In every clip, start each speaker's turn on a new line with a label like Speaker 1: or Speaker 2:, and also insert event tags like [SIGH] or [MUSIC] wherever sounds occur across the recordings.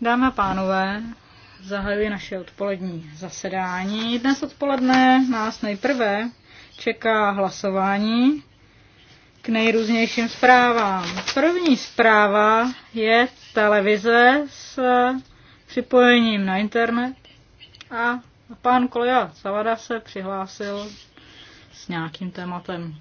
Speaker 1: Dámy a pánové, zahajuji naše odpolední zasedání. Dnes odpoledne nás nejprve čeká hlasování k nejrůznějším zprávám. První zpráva je televize s připojením na internet a pan kolega Savada se přihlásil s nějakým tématem.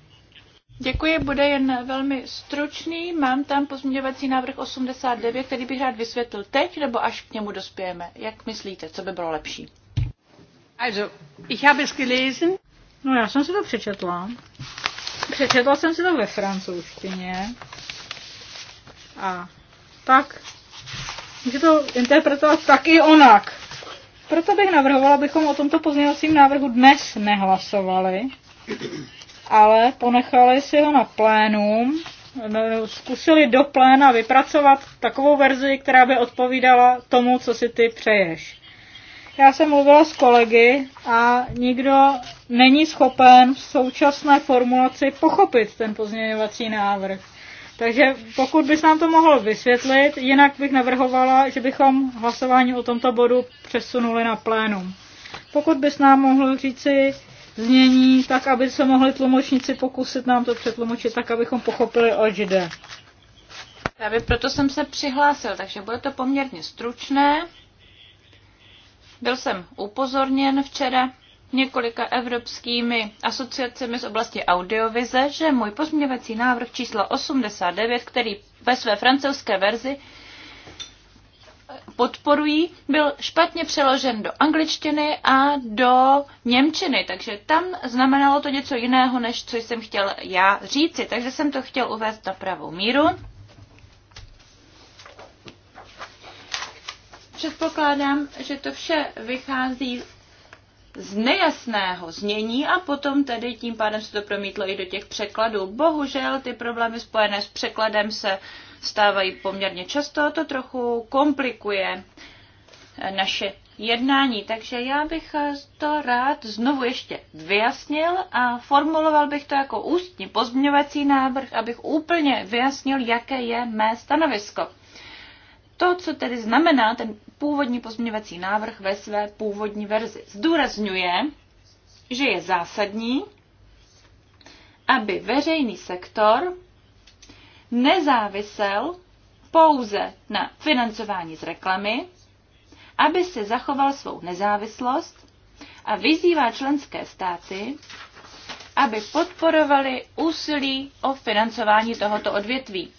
Speaker 2: Děkuji, bude jen velmi stručný. Mám tam pozměňovací návrh 89, který bych rád vysvětlil teď, nebo až k němu dospějeme. Jak myslíte, co by bylo lepší? Also, ich habe es gelesen.
Speaker 1: No já jsem si to přečetla. Přečetla jsem si to ve francouzštině. A tak může to interpretovat taky onak. Proto bych navrhovala, abychom o tomto pozměňovacím návrhu dnes nehlasovali, ale ponechali si ho na plénum, no, zkusili do pléna vypracovat takovou verzi, která by odpovídala tomu, co si ty přeješ. Já jsem mluvila s kolegy a nikdo není schopen v současné formulaci pochopit ten pozměňovací návrh. Takže pokud bys nám to mohl vysvětlit, jinak bych navrhovala, že bychom hlasování o tomto bodu přesunuli na plénum. Pokud bys nám mohl říci, znění, tak aby se mohli tlumočníci pokusit nám to přetlumočit, tak abychom pochopili, oč jde.
Speaker 2: Právě proto jsem se přihlásil, takže bude to poměrně stručné. Byl jsem upozorněn včera několika evropskými asociacemi z oblasti audiovize, že můj pozměňovací návrh číslo 89, který ve své francouzské verzi podporují, byl špatně přeložen do angličtiny a do němčiny, takže tam znamenalo to něco jiného, než co jsem chtěl já říci, takže jsem to chtěl uvést na pravou míru. Předpokládám, že to vše vychází z nejasného znění a potom tedy tím pádem se to promítlo i do těch překladů. Bohužel ty problémy spojené s překladem se uh, stávají poměrně často a to trochu komplikuje naše jednání. Takže já bych to rád znovu ještě vyjasnil a formuloval bych to jako ústní pozměňovací návrh, abych úplně vyjasnil, jaké je mé stanovisko. To, co tedy znamená ten původní pozměňovací návrh ve své původní verzi, zdůrazňuje, že je zásadní, aby veřejný sektor nezávisel pouze na financování z reklamy, aby si zachoval svou nezávislost a vyzývá členské státy, aby podporovali úsilí o financování tohoto odvětví.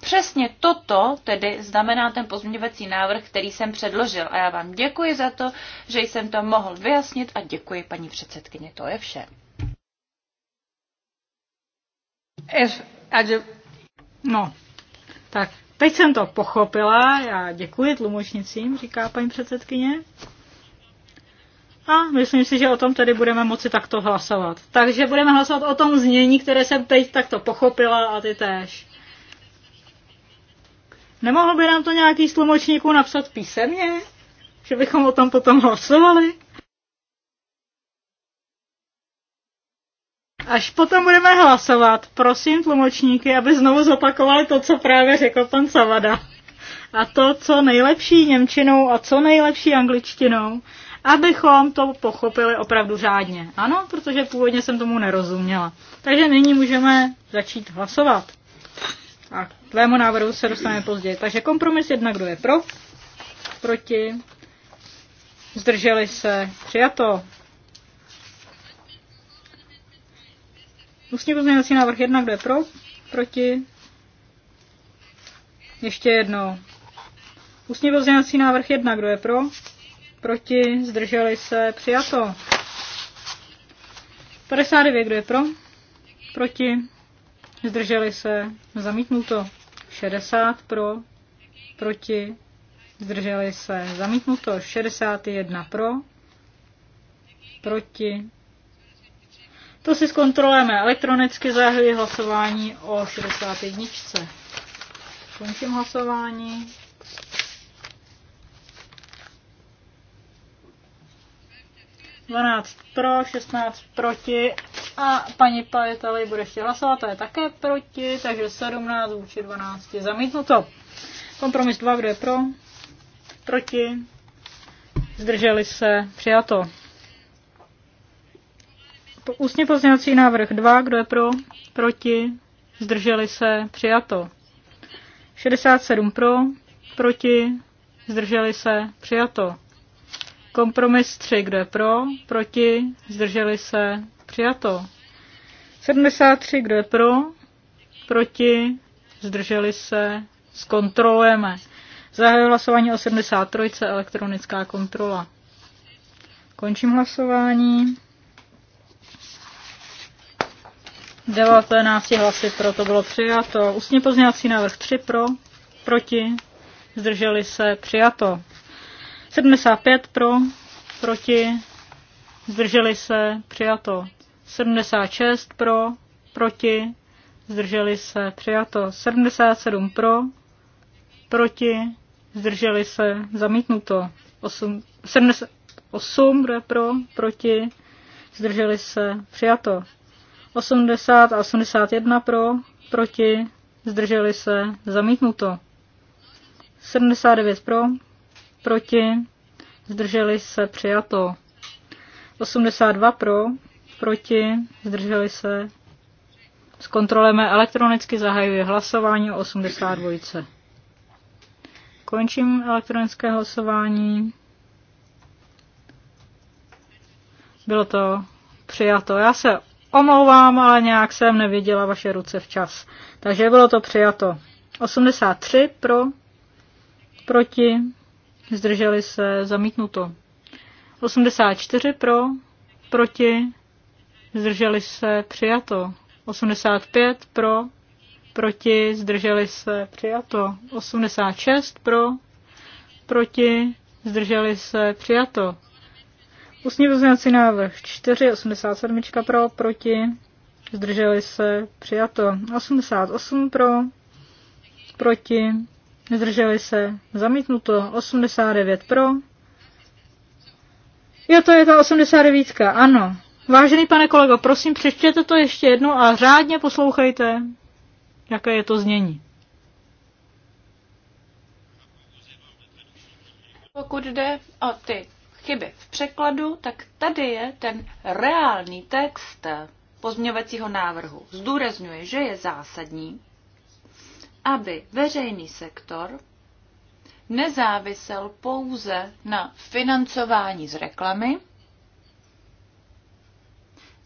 Speaker 2: Přesně toto tedy znamená ten pozměňovací návrh, který jsem předložil. A já vám děkuji za to, že jsem to mohl vyjasnit a děkuji paní předsedkyně. To je vše.
Speaker 1: No, tak teď jsem to pochopila, já děkuji tlumočnicím, říká paní předsedkyně. A myslím si, že o tom tady budeme moci takto hlasovat. Takže budeme hlasovat o tom znění, které jsem teď takto pochopila a ty též. Nemohl by nám to nějaký z tlumočníků napsat písemně? Že bychom o tom potom hlasovali? Až potom budeme hlasovat, prosím tlumočníky, aby znovu zopakovali to, co právě řekl pan Savada. A to, co nejlepší Němčinou a co nejlepší angličtinou, abychom to pochopili opravdu řádně. Ano, protože původně jsem tomu nerozuměla. Takže nyní můžeme začít hlasovat. A k tvému návrhu se dostaneme později. Takže kompromis jedna, kdo je pro, proti, zdrželi se, přijato. Ústní pozměňovací návrh 1, kdo je pro? Proti? Ještě jednou. Ústní pozměňovací návrh 1, kdo je pro? Proti? Zdrželi se? Přijato. 59, kdo je pro? Proti? Zdrželi se? Zamítnuto. 60 pro? Proti? Zdrželi se? Zamítnuto. 61 pro? Proti? To si zkontrolujeme elektronicky, zahajuji hlasování o 61. Končím hlasování. Dvanáct pro, 16 proti a paní Pajetali bude ještě hlasovat, to je také proti, takže 17 vůči 12 zamítnuto. Kompromis 2, kdo je pro? Proti? Zdrželi se? Přijato. Ústně pozměňovací návrh 2, kdo je pro, proti, zdrželi se, přijato. 67 pro, proti, zdrželi se, přijato. Kompromis 3, kdo je pro, proti, zdrželi se, přijato. 73, kdo je pro, proti, zdrželi se, zkontrolujeme. Zahajuji hlasování o 73, elektronická kontrola. Končím hlasování. 19 hlasy pro to bylo přijato. Ústně pozněvací návrh 3 pro, proti, zdrželi se, přijato. 75 pro, proti, zdrželi se, přijato. 76 pro, proti, zdrželi se, přijato. 77 pro, proti, zdrželi se, zamítnuto. 8, 78 kdo je pro, proti, zdrželi se, přijato. 80 a 81 pro, proti, zdrželi se, zamítnuto. 79 pro, proti, zdrželi se, přijato. 82 pro, proti, zdrželi se. Zkontrolujeme elektronicky, zahajuje hlasování o 82. Končím elektronické hlasování. Bylo to přijato. Já se omlouvám, ale nějak jsem neviděla vaše ruce včas. Takže bylo to přijato. 83 pro, proti, zdrželi se, zamítnuto. 84 pro, proti, zdrželi se, přijato. 85 pro, proti, zdrželi se, přijato. 86 pro, proti, zdrželi se, přijato. Ústní pozměňovací návrh 4, 87 pro, proti, zdrželi se, přijato. 88 pro, proti, zdrželi se, zamítnuto. 89 pro. Jo, to je ta 89, ano. Vážený pane kolego, prosím, přečtěte to ještě jednou a řádně poslouchejte, jaké je to znění.
Speaker 2: Pokud jde o ty chyby v překladu, tak tady je ten reálný text pozměňovacího návrhu. Zdůrazňuje, že je zásadní, aby veřejný sektor nezávisel pouze na financování z reklamy,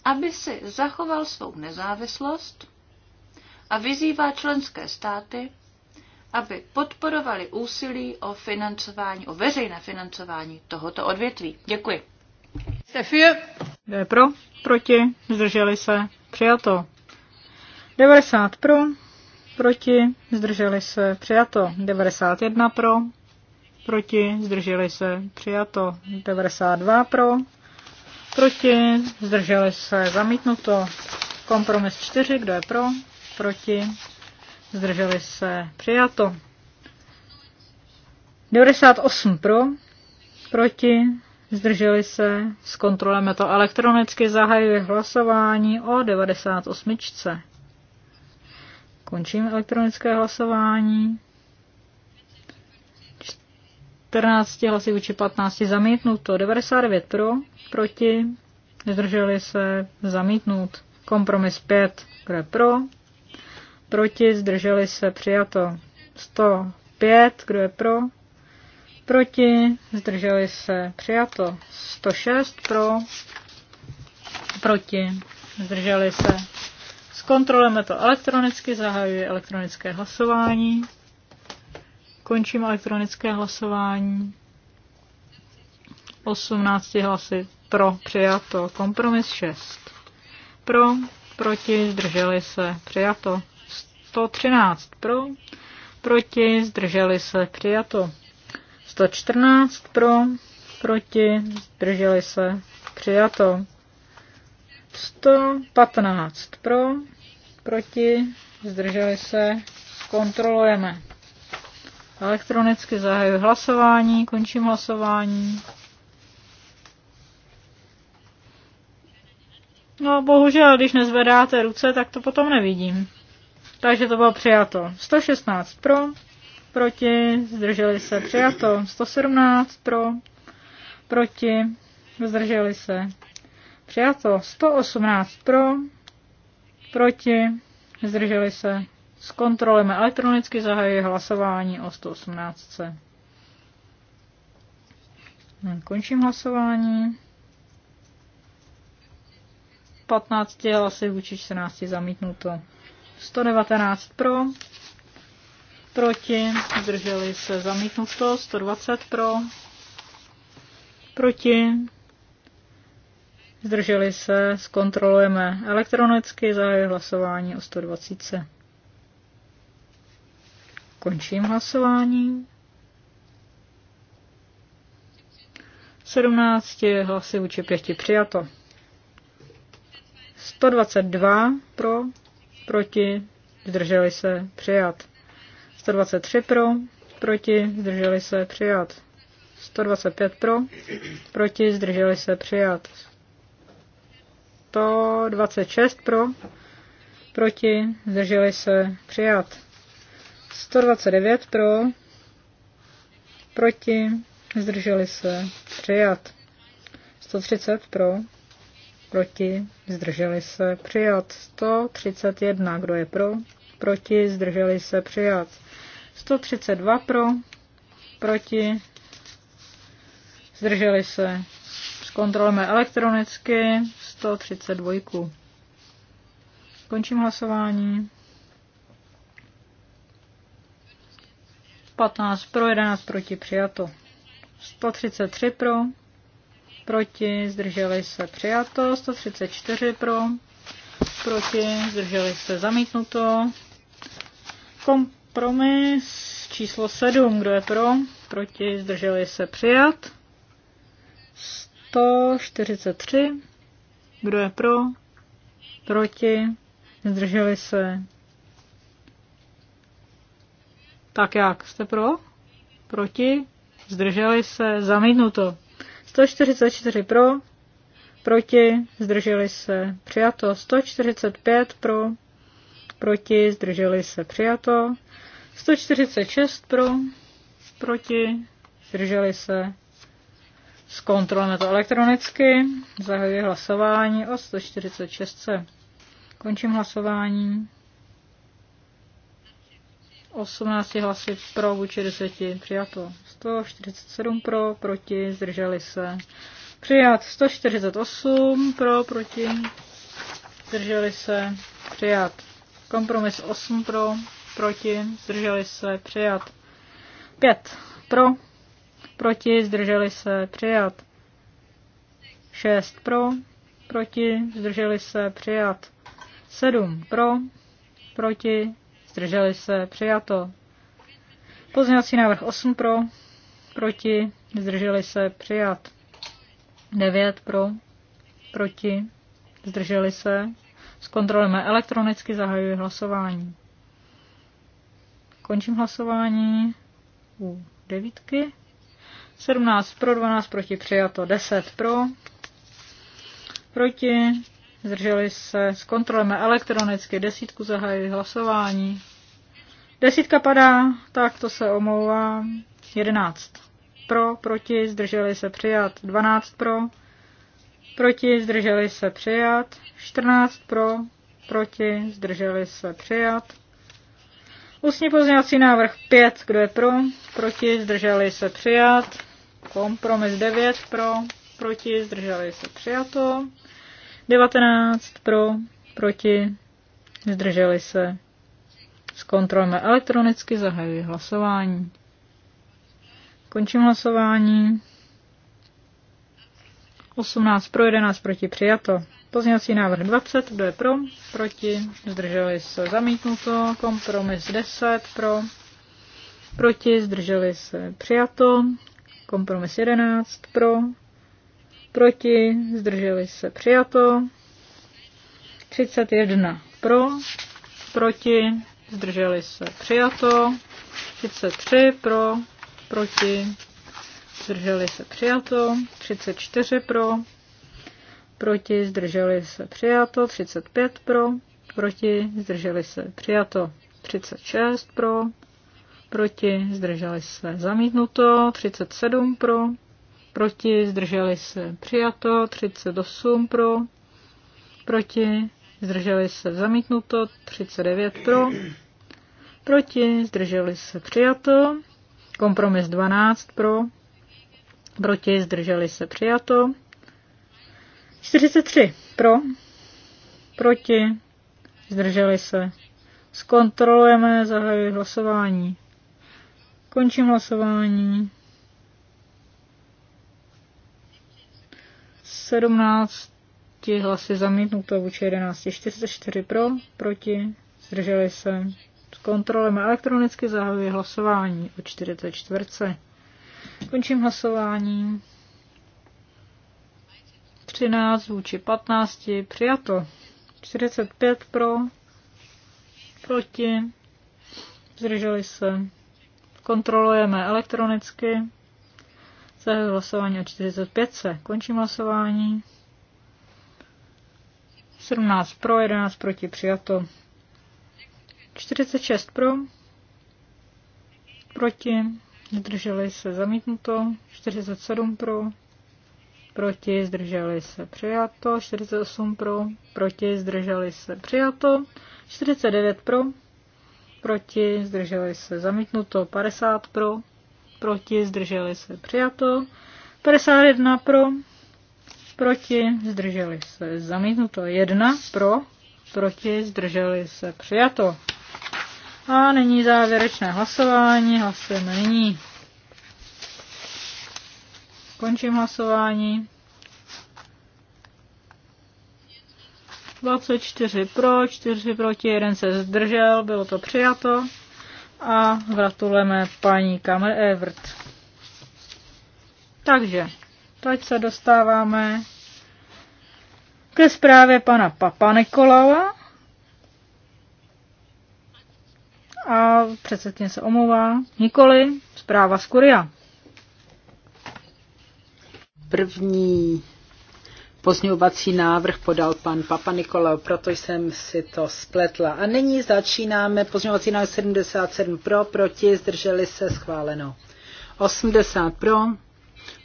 Speaker 2: aby si zachoval svou nezávislost a vyzývá členské státy, aby podporovali úsilí o financování, o veřejné financování tohoto odvětví. Děkuji. Kdo
Speaker 1: je pro? Proti? Zdrželi se? Přijato. 90 pro, proti, zdrželi se, přijato. 91 pro, proti, zdrželi se, přijato. 92 pro, proti, zdrželi se, zamítnuto. Kompromis 4, kdo je pro, proti, zdrželi se, přijato. 98 pro, proti, zdrželi se, zkontrolujeme to elektronicky, zahajuje hlasování o 98. Končím elektronické hlasování. 14 hlasy vůči 15 zamítnuto, 99 pro, proti, zdrželi se, zamítnut. Kompromis 5, kdo je pro, proti, zdrželi se, přijato. 105, kdo je pro, proti, zdrželi se, přijato. 106 pro, proti, zdrželi se. Zkontrolujeme to elektronicky, zahajuji elektronické hlasování. Končím elektronické hlasování. 18 hlasy pro, přijato. Kompromis 6. Pro, proti, zdrželi se, přijato. 113 pro, proti, zdrželi se, přijato. 114 pro, proti, zdrželi se, přijato. 115 pro, proti, zdrželi se, kontrolujeme. Elektronicky zahajuji hlasování, končím hlasování. No bohužel, když nezvedáte ruce, tak to potom nevidím. Takže to bylo přijato. 116 pro, proti, zdrželi se, přijato. 117 pro, proti, zdrželi se, přijato. 118 pro, proti, zdrželi se. Zkontrolujeme elektronicky, zahajuje hlasování o 118. Končím hlasování. 15 hlasy vůči 14 zamítnuto. 119 pro, proti, zdrželi se zamítnuto, 120 pro, proti, zdrželi se, zkontrolujeme elektronicky, zahajuji hlasování o 120. Končím hlasování. 17 hlasy vůči 5 přijato. 122 pro, proti, zdrželi se, přijat. 123 pro, proti, zdrželi se, přijat. 125 pro, proti, zdrželi se, přijat. 126 pro, proti, zdrželi se, přijat. 129 pro, proti, zdrželi se, přijat. 130 pro, proti, zdrželi se, přijat 131, kdo je pro, proti, zdrželi se, přijat 132 pro, proti, zdrželi se, zkontrolujeme elektronicky 132. Končím hlasování. 15 pro, 11 proti, přijato. 133 pro, proti, zdrželi se přijato, 134 pro, proti, zdrželi se zamítnuto, kompromis číslo 7, kdo je pro, proti, zdrželi se přijat, 143, kdo je pro, proti, zdrželi se. Tak jak, jste pro? Proti? Zdrželi se? Zamítnuto. 144 pro, proti, zdrželi se, přijato. 145 pro, proti, zdrželi se, přijato. 146 pro, proti, zdrželi se. Zkontrolujeme to elektronicky. Zahajuji hlasování o 146. Končím hlasování. 18 hlasy pro, vůči 10 přijato. 147 pro, proti, zdrželi se. Přijat 148 pro, proti, zdrželi se. Přijat. Kompromis 8 pro, proti, zdrželi se. Přijat. 5 pro, proti, zdrželi se. Přijat. 6 pro, proti, zdrželi se. Přijat. 7 pro, proti, zdrželi se, přijato. Pozměňovací návrh 8 pro, proti, zdrželi se, přijat. 9 pro, proti, zdrželi se. Zkontrolujeme elektronicky, zahajuji hlasování. Končím hlasování u devítky. 17 pro, 12 proti, přijato, 10 pro, proti, zdrželi se, zkontrolujeme elektronicky, desítku zahajuji hlasování. Desítka padá, tak to se omlouvám. 11 pro, proti, zdrželi se přijat. 12 pro, proti, zdrželi se přijat. 14 pro, proti, zdrželi se přijat. Ústní pozměňovací návrh 5, kdo je pro, proti, zdrželi se přijat. Kompromis 9 pro, proti, zdrželi se přijato. 19 pro, proti, zdrželi se. Zkontrolujeme elektronicky, zahajuji hlasování. Končím hlasování. 18 pro, 11 proti, přijato. Pozměňovací návrh 20, kdo je pro, proti, zdrželi se, zamítnuto. Kompromis 10 pro, proti, zdrželi se, přijato. Kompromis 11 pro, proti, zdrželi se přijato. 31 pro, proti, zdrželi se přijato. 33 pro, proti, zdrželi se přijato. 34 pro, proti, zdrželi se přijato. 35 pro, proti, zdrželi se přijato. 36 pro, proti, zdrželi se zamítnuto. 37 pro, proti, zdrželi se přijato, 38 pro, proti, zdrželi se zamítnuto, 39 pro, proti, zdrželi se přijato, kompromis 12 pro, proti, zdrželi se přijato, 43 pro, proti, zdrželi se, zkontrolujeme, zahajuji hlasování, končím hlasování, 17 hlasy zamítnuto vůči 11, 44 pro, proti, zdrželi se. S kontrolem elektronicky zahajuje hlasování o 44. Končím hlasování. 13 vůči 15 přijato. 45 pro, proti, zdrželi se. Kontrolujeme elektronicky. Zahajuji hlasování o 45. Končím hlasování. 17 pro, 11 proti přijato. 46 pro, proti, zdrželi se zamítnuto. 47 pro, proti, zdrželi se přijato. 48 pro, proti, zdrželi se přijato. 49 pro, proti, zdrželi se zamítnuto. 50 pro, proti, zdrželi se, přijato. 51 pro, proti, zdrželi se, zamítnuto. 1 pro, proti, zdrželi se, přijato. A nyní závěrečné hlasování, hlasujeme nyní. Končím hlasování. 24 pro, 4 proti, 1 se zdržel, bylo to přijato a gratulujeme paní Kamer Evert. Takže, teď se dostáváme ke zprávě pana Papa Nikolava. A předsedně se omlouvá. Nikoli, zpráva z Kuria.
Speaker 3: První pozňovací návrh podal pan Papa Nikola, proto jsem si to spletla. A nyní začínáme pozňovací návrh 77 pro, proti, zdrželi se, schváleno. 80 pro,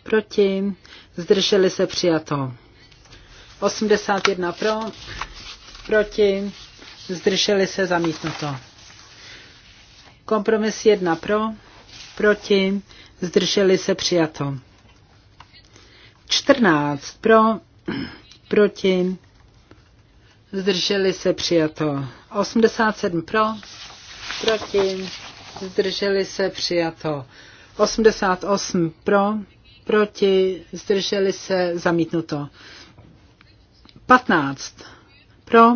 Speaker 3: proti, zdrželi se, přijato. 81 pro, proti, zdrželi se, zamítnuto. Kompromis 1 pro, proti, zdrželi se, přijato. 14 pro, proti, zdrželi se přijato. 87 pro, proti, zdrželi se přijato. 88 pro, proti, zdrželi se zamítnuto. 15 pro,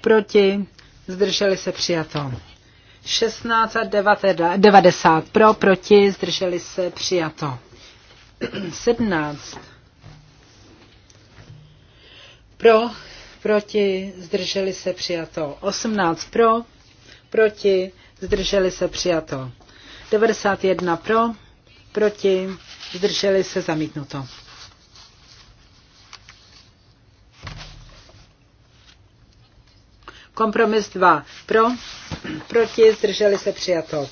Speaker 3: proti, zdrželi se přijato. 16 a 90 pro, proti, zdrželi se přijato. 17 pro, proti, zdrželi se přijato. 18 pro, proti, zdrželi se přijato. 91 pro, proti, zdrželi se zamítnuto. Kompromis 2 pro, proti, zdrželi se přijato.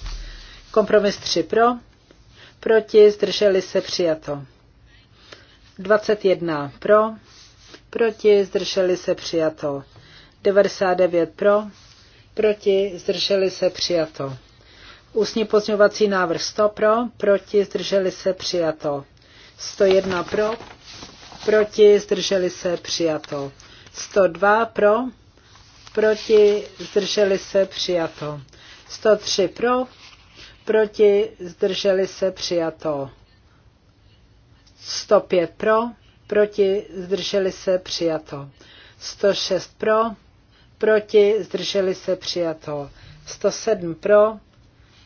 Speaker 3: Kompromis 3 pro, proti, zdrželi se přijato. 21 pro, proti, zdrželi se přijato. 99 pro, proti, zdrželi se přijato. Ústní pozměňovací návrh 100 pro, proti, zdrželi se přijato. 101 pro, proti, zdrželi se přijato. 102 pro, proti, zdrželi se přijato. 103 pro, proti, zdrželi se přijato. 105 pro, proti, zdrželi se, přijato. 106 pro, proti, zdrželi se, přijato. 107 pro,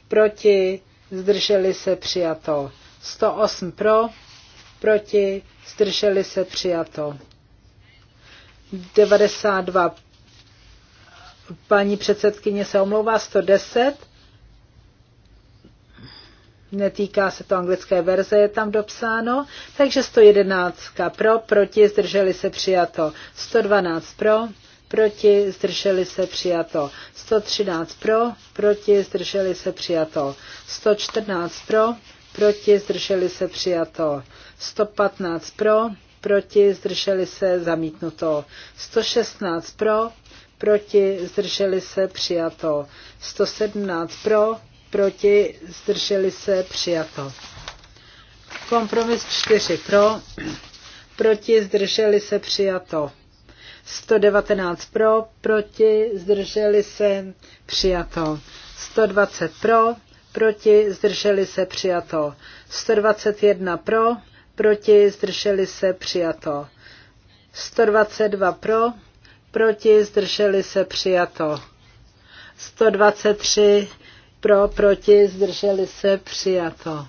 Speaker 3: proti, zdrželi se, přijato. 108 pro, proti, zdrželi se, přijato. 92 paní předsedkyně se omlouvá 110 netýká se to anglické verze, je tam dopsáno, takže 111 pro, proti, zdrželi se přijato, 112 pro, proti, zdrželi se přijato, 113 pro, proti, zdrželi se přijato, 114 pro, proti, zdrželi se přijato, 115 pro, proti, zdrželi se zamítnuto, 116 pro, proti, zdrželi se přijato, 117 pro, proti, zdrželi se, přijato. Kompromis 4 pro, proti, zdrželi se, přijato. 119 pro, proti, zdrželi se, přijato. 120 pro, proti, zdrželi se, přijato. 121 pro, proti, zdrželi se, přijato. 122 pro, proti, zdrželi se, přijato. 123 pro, proti, zdrželi se, přijato.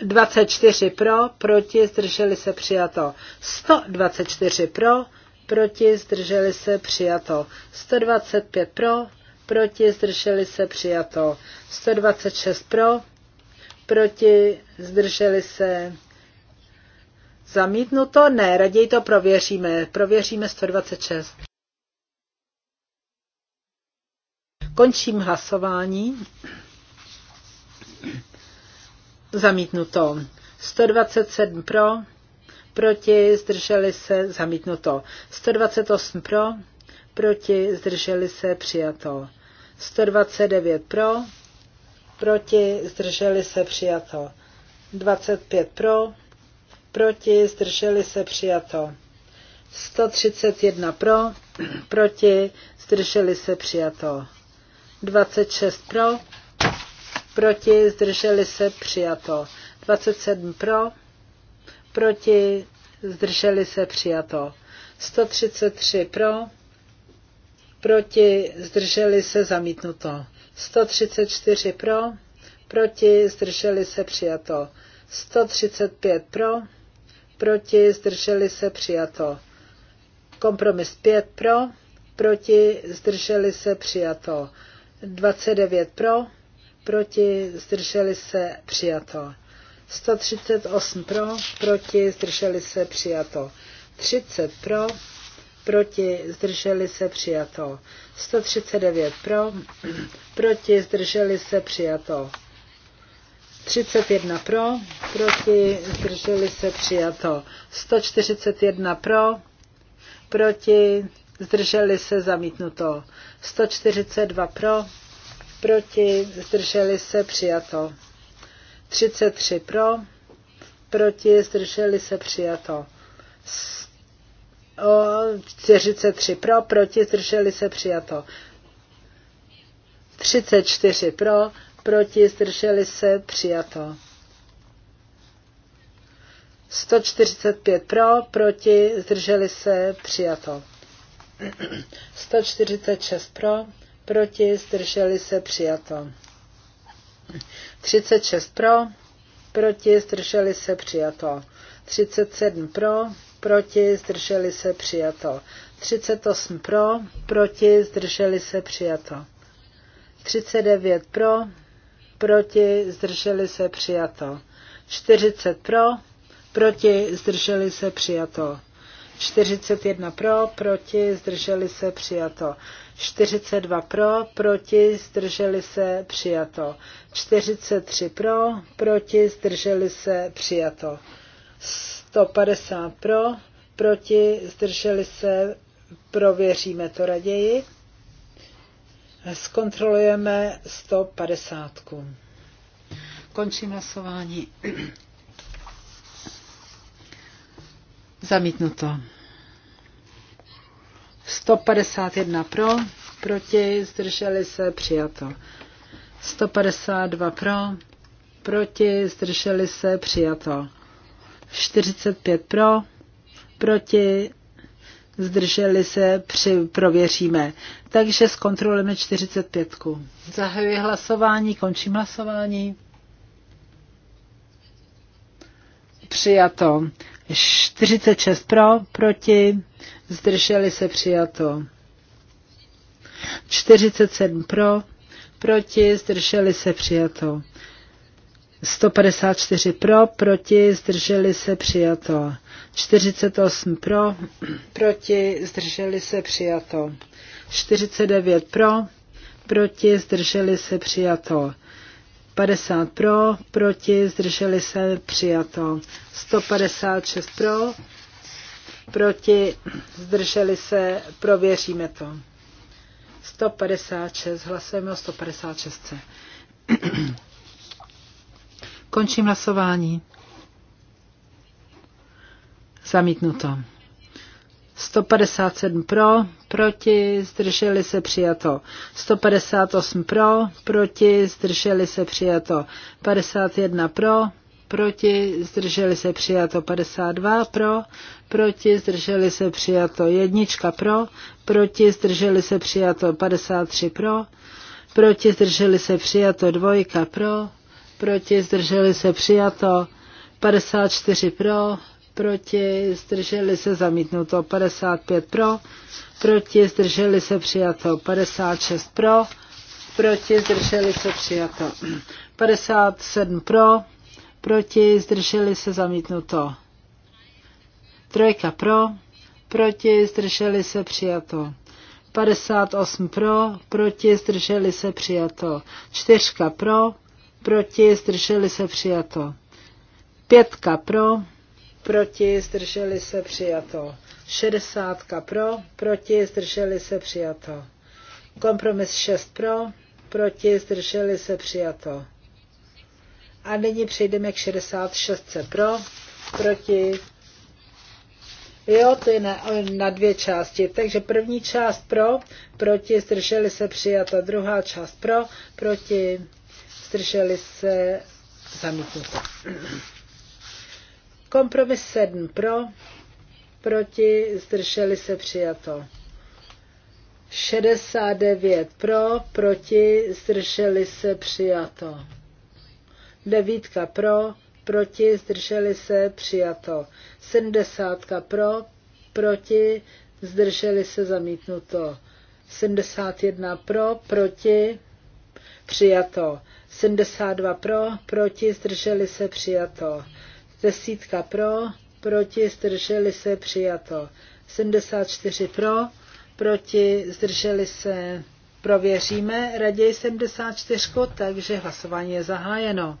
Speaker 3: 24 pro, proti, zdrželi se, přijato. 124 pro, proti, zdrželi se, přijato. 125 pro, proti, zdrželi se, přijato. 126 pro, proti, zdrželi se, zamítnuto, ne, raději to prověříme. Prověříme 126. Končím hlasování. Zamítnuto. 127 pro, proti, zdrželi se, zamítnuto. 128 pro, proti, zdrželi se, přijato. 129 pro, proti, zdrželi se, přijato. 25 pro, proti, zdrželi se, přijato. 131 pro, proti, zdrželi se, přijato. 26 pro, proti, zdrželi se, přijato. 27 pro, proti, zdrželi se, přijato. 133 pro, proti, zdrželi se, zamítnuto. 134 pro, proti, zdrželi se, přijato. 135 pro, proti, zdrželi se, přijato. Kompromis 5 pro, proti, zdrželi se, přijato. 29 pro, proti, zdrželi se, přijato. 138 pro, proti, zdrželi se, přijato. 30 pro, proti, zdrželi se, přijato. 139 [CLEARS THROAT] pro, proti, zdrželi se, přijato. 31 pro, proti, zdrželi se, přijato. 141 pro, proti, zdrželi se, zamítnuto. 142 pro, proti, zdrželi se, přijato. 33 pro, proti, zdrželi se, přijato. 43 pro, proti, zdrželi se, přijato. 34 pro, proti, zdrželi se, přijato. 145 pro, proti, zdrželi se, přijato. 146 pro, proti, zdrželi se přijato. 36 pro, proti, zdrželi se přijato. 37 pro, proti, zdrželi se přijato. 38 pro, proti, zdrželi se přijato. 39 pro, proti, zdrželi se přijato. 40 pro, proti, zdrželi se přijato. 41 pro, proti, zdrželi se, přijato. 42 pro, proti, zdrželi se, přijato. 43 pro, proti, zdrželi se, přijato. 150 pro, proti, zdrželi se, prověříme to raději. Zkontrolujeme 150. Končím hlasování. Zamítnuto. 151 pro, proti, zdrželi se, přijato. 152 pro, proti, zdrželi se, přijato. 45 pro, proti, zdrželi se, při, prověříme. Takže zkontrolujeme 45. Zahajuji hlasování, končím hlasování. přijato. 46 pro, proti, zdrželi se přijato. 47 pro, proti, zdrželi se přijato. 154 pro, proti, zdrželi se přijato. 48 pro, proti, zdrželi se přijato. 49 pro, proti, zdrželi se přijato. 50 pro, proti, zdrželi se, přijato. 156 pro, proti, zdrželi se, prověříme to. 156, hlasujeme o 156. [CLEARS THROAT] Končím hlasování. Zamítnuto. 157 pro, proti, zdrželi se přijato. 158 pro, proti, zdrželi se přijato. 51 pro, proti, zdrželi se přijato 52 pro, proti, zdrželi se přijato jednička pro, proti, zdrželi se přijato 53 pro, proti, zdrželi se přijato dvojka pro, proti, zdrželi se přijato 54 pro, proti, zdrželi se zamítnuto 55 pro, proti, zdrželi se přijato 56 pro, proti, zdrželi se přijato 57 pro, proti, zdrželi se zamítnuto trojka pro, proti, zdrželi se přijato 58 pro, proti, zdrželi se přijato čtyřka pro, proti, zdrželi se přijato pětka pro, proti, zdrželi se přijato. 60 pro, proti, zdrželi se přijato. Kompromis 6 pro, proti, zdrželi se přijato. A nyní přejdeme k 66 pro, proti. Jo, to je na, na dvě části. Takže první část pro, proti, zdrželi se přijato. Druhá část pro, proti, zdrželi se zamítnuto. Kompromis 7 pro, proti, zdrželi se přijato. 69 pro, proti, zdrželi se přijato. Devítka pro, proti, zdrželi se přijato. 70 pro, proti, zdrželi se zamítnuto. 71 pro, proti, přijato. 72 pro, proti, zdrželi se přijato. Desítka pro, proti, zdrželi se, přijato. 74 pro, proti, zdrželi se, prověříme, raději 74, takže hlasování je zahájeno.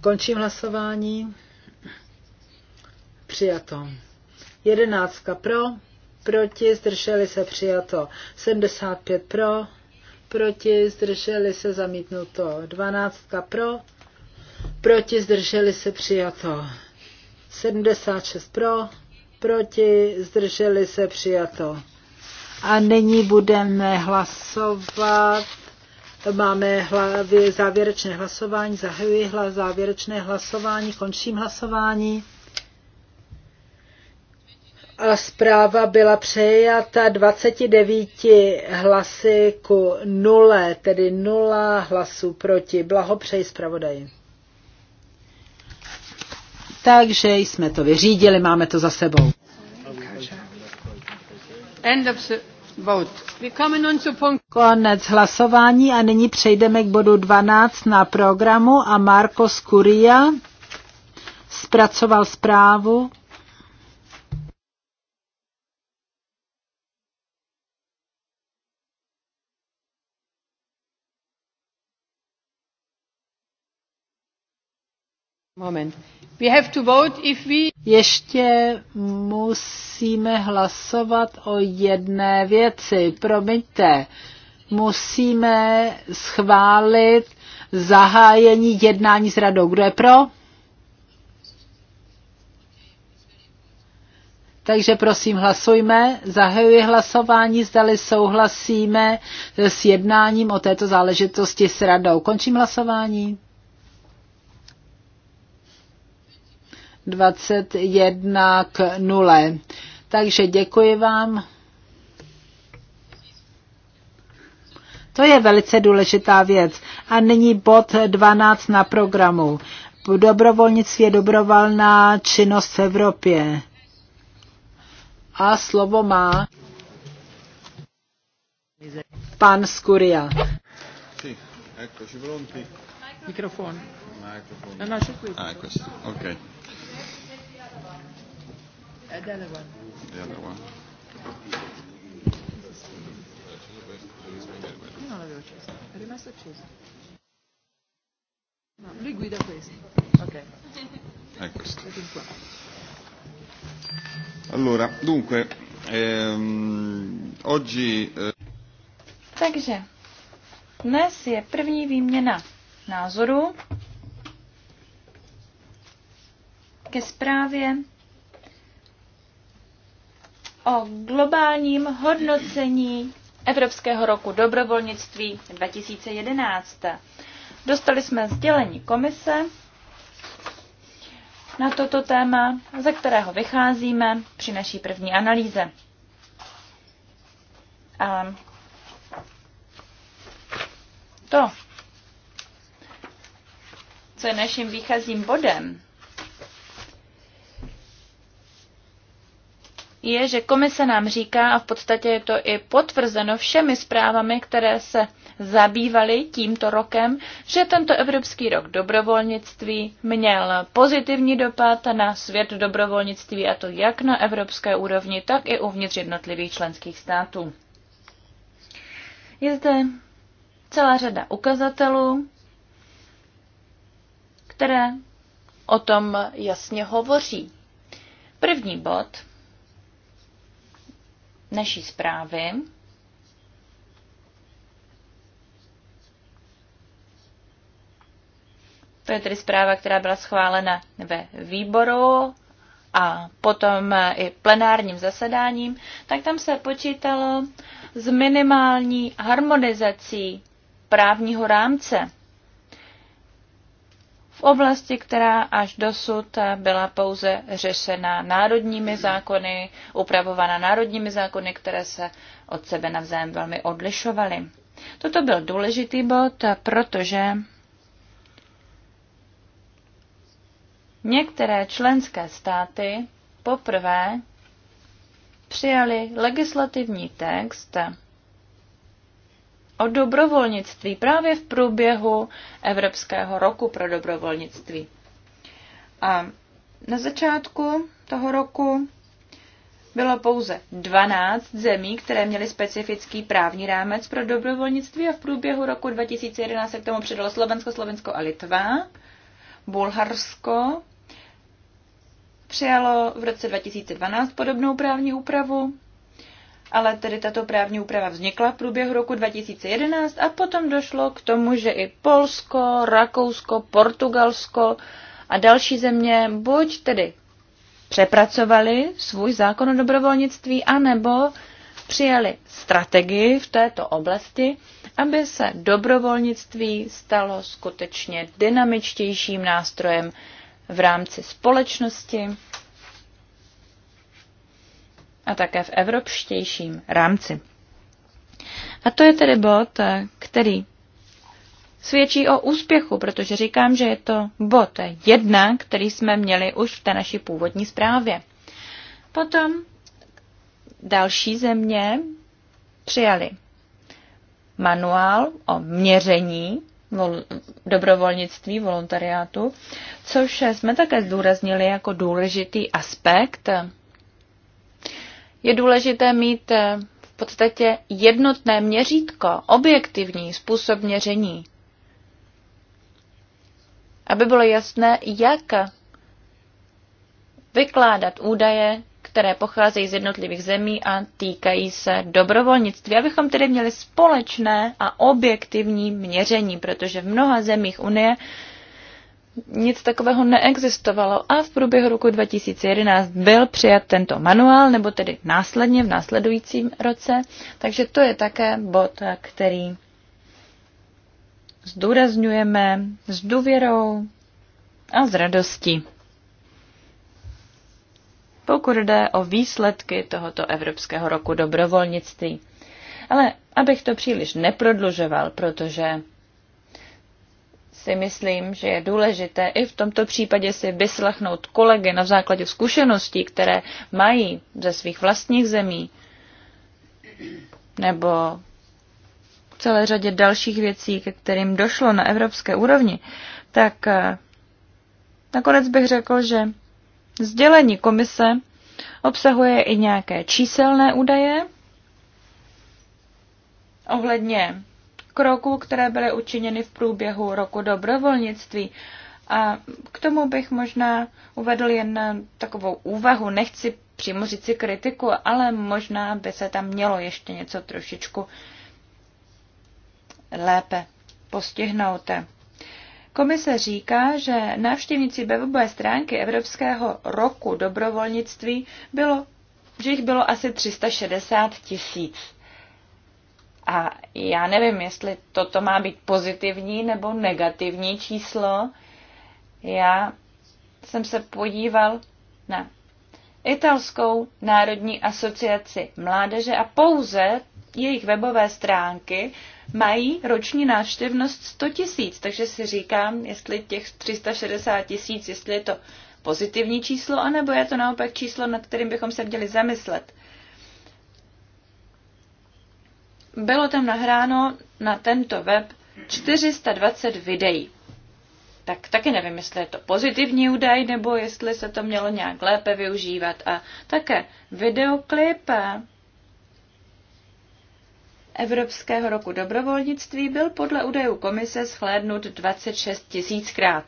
Speaker 3: Končím hlasování. Přijato. Jedenáctka pro, proti, zdrželi se přijato. 75 pro, proti, zdrželi se zamítnuto. 12 pro, proti, zdrželi se přijato. 76 pro, proti, zdrželi se přijato. A nyní budeme hlasovat. Máme závěrečné hlasování, zahajuji hla, závěrečné hlasování, končím hlasování a zpráva byla přejata 29 hlasy ku nule, tedy nula hlasů proti. Blahopřeji zpravodaji. Takže jsme to vyřídili, máme to za sebou. End of the vote. Konec hlasování a nyní přejdeme k bodu 12 na programu a Marko Skuria zpracoval zprávu
Speaker 2: Moment. We have to vote if
Speaker 3: we... Ještě musíme hlasovat o jedné věci. Promiňte, musíme schválit zahájení jednání s radou. Kdo je pro? Takže prosím, hlasujme. Zahajuji hlasování, zdali souhlasíme s jednáním o této záležitosti s radou. Končím hlasování. 21 k 0. Takže děkuji vám. To je velice důležitá věc. A nyní bod 12 na programu. Dobrovolnictví je dobrovolná činnost v Evropě. A slovo má pan Skuria.
Speaker 1: Mikrofon. Mikrofon. No, no, ah, Okay.
Speaker 3: Io non l'avevo è
Speaker 2: No, lui guida questo. Ok. Allora, dunque, ehm, oggi... Eh... Takže, dnes je první výměna názorů ke zprávě o globálním hodnocení Evropského roku dobrovolnictví 2011. Dostali jsme sdělení komise na toto téma, ze kterého vycházíme při naší první analýze. A to, co je naším výchazím bodem, je, že komise nám říká, a v podstatě je to i potvrzeno všemi zprávami, které se zabývaly tímto rokem, že tento Evropský rok dobrovolnictví měl pozitivní dopad na svět dobrovolnictví, a to jak na evropské úrovni, tak i uvnitř jednotlivých členských států. Je zde celá řada ukazatelů, které o tom jasně hovoří. První bod naší zprávy. To je tedy zpráva, která byla schválena ve výboru a potom i plenárním zasedáním, tak tam se počítalo s minimální harmonizací právního rámce v oblasti, která až dosud byla pouze řešena národními zákony, upravovaná národními zákony, které se od sebe navzájem velmi odlišovaly. Toto byl důležitý bod, protože některé členské státy poprvé přijali legislativní text, o dobrovolnictví právě v průběhu Evropského roku pro dobrovolnictví. A na začátku toho roku bylo pouze 12 zemí, které měly specifický právní rámec pro dobrovolnictví a v průběhu roku 2011 se k tomu přidalo Slovensko, Slovensko a Litva. Bulharsko přijalo v roce 2012 podobnou právní úpravu ale tedy tato právní úprava vznikla v průběhu roku 2011 a potom došlo k tomu, že i Polsko, Rakousko, Portugalsko a další země buď tedy přepracovali svůj zákon o dobrovolnictví, anebo přijali strategii v této oblasti, aby se dobrovolnictví stalo skutečně dynamičtějším nástrojem v rámci společnosti a také v evropštějším rámci. A to je tedy bod, který svědčí o úspěchu, protože říkám, že je to bod jedna, který jsme měli už v té naší původní zprávě. Potom další země přijali manuál o měření dobrovolnictví, volontariátu, což jsme také zdůraznili jako důležitý aspekt je důležité mít eh, v podstatě jednotné měřítko, objektivní způsob měření, aby bylo jasné, jak vykládat údaje, které pocházejí z jednotlivých zemí a týkají se dobrovolnictví, abychom tedy měli společné a objektivní měření, protože v mnoha zemích Unie nic takového neexistovalo a v průběhu roku 2011 byl přijat tento manuál, nebo tedy následně v následujícím roce. Takže to je také bod, který zdůrazňujeme s důvěrou a s radostí. Pokud jde o výsledky tohoto Evropského roku dobrovolnictví. Ale abych to příliš neprodlužoval, protože si myslím, že je důležité i v tomto případě si vyslechnout kolegy na základě zkušeností, které mají ze svých vlastních zemí nebo celé řadě dalších věcí, ke kterým došlo na evropské úrovni, tak eh, nakonec bych řekl, že sdělení komise obsahuje i nějaké číselné údaje ohledně kroků, které byly učiněny v průběhu roku dobrovolnictví. A k tomu bych možná uvedl jen takovou úvahu, nechci přímo si kritiku, ale možná by se tam mělo ještě něco trošičku lépe postihnout. Komise říká, že návštěvníci webové stránky Evropského roku dobrovolnictví bylo, že jich bylo asi 360 tisíc. A já nevím, jestli toto má být pozitivní nebo negativní číslo. Já jsem se podíval na Italskou národní asociaci mládeže a pouze jejich webové stránky mají roční návštěvnost 100 tisíc, takže si říkám, jestli těch 360 tisíc, jestli je to pozitivní číslo, anebo je to naopak číslo, nad kterým bychom se měli zamyslet bylo tam nahráno na tento web 420 videí. Tak taky nevím, jestli je to pozitivní údaj, nebo jestli se to mělo nějak lépe využívat. A také videoklip Evropského roku dobrovolnictví byl podle údajů komise shlédnut 26 tisíckrát.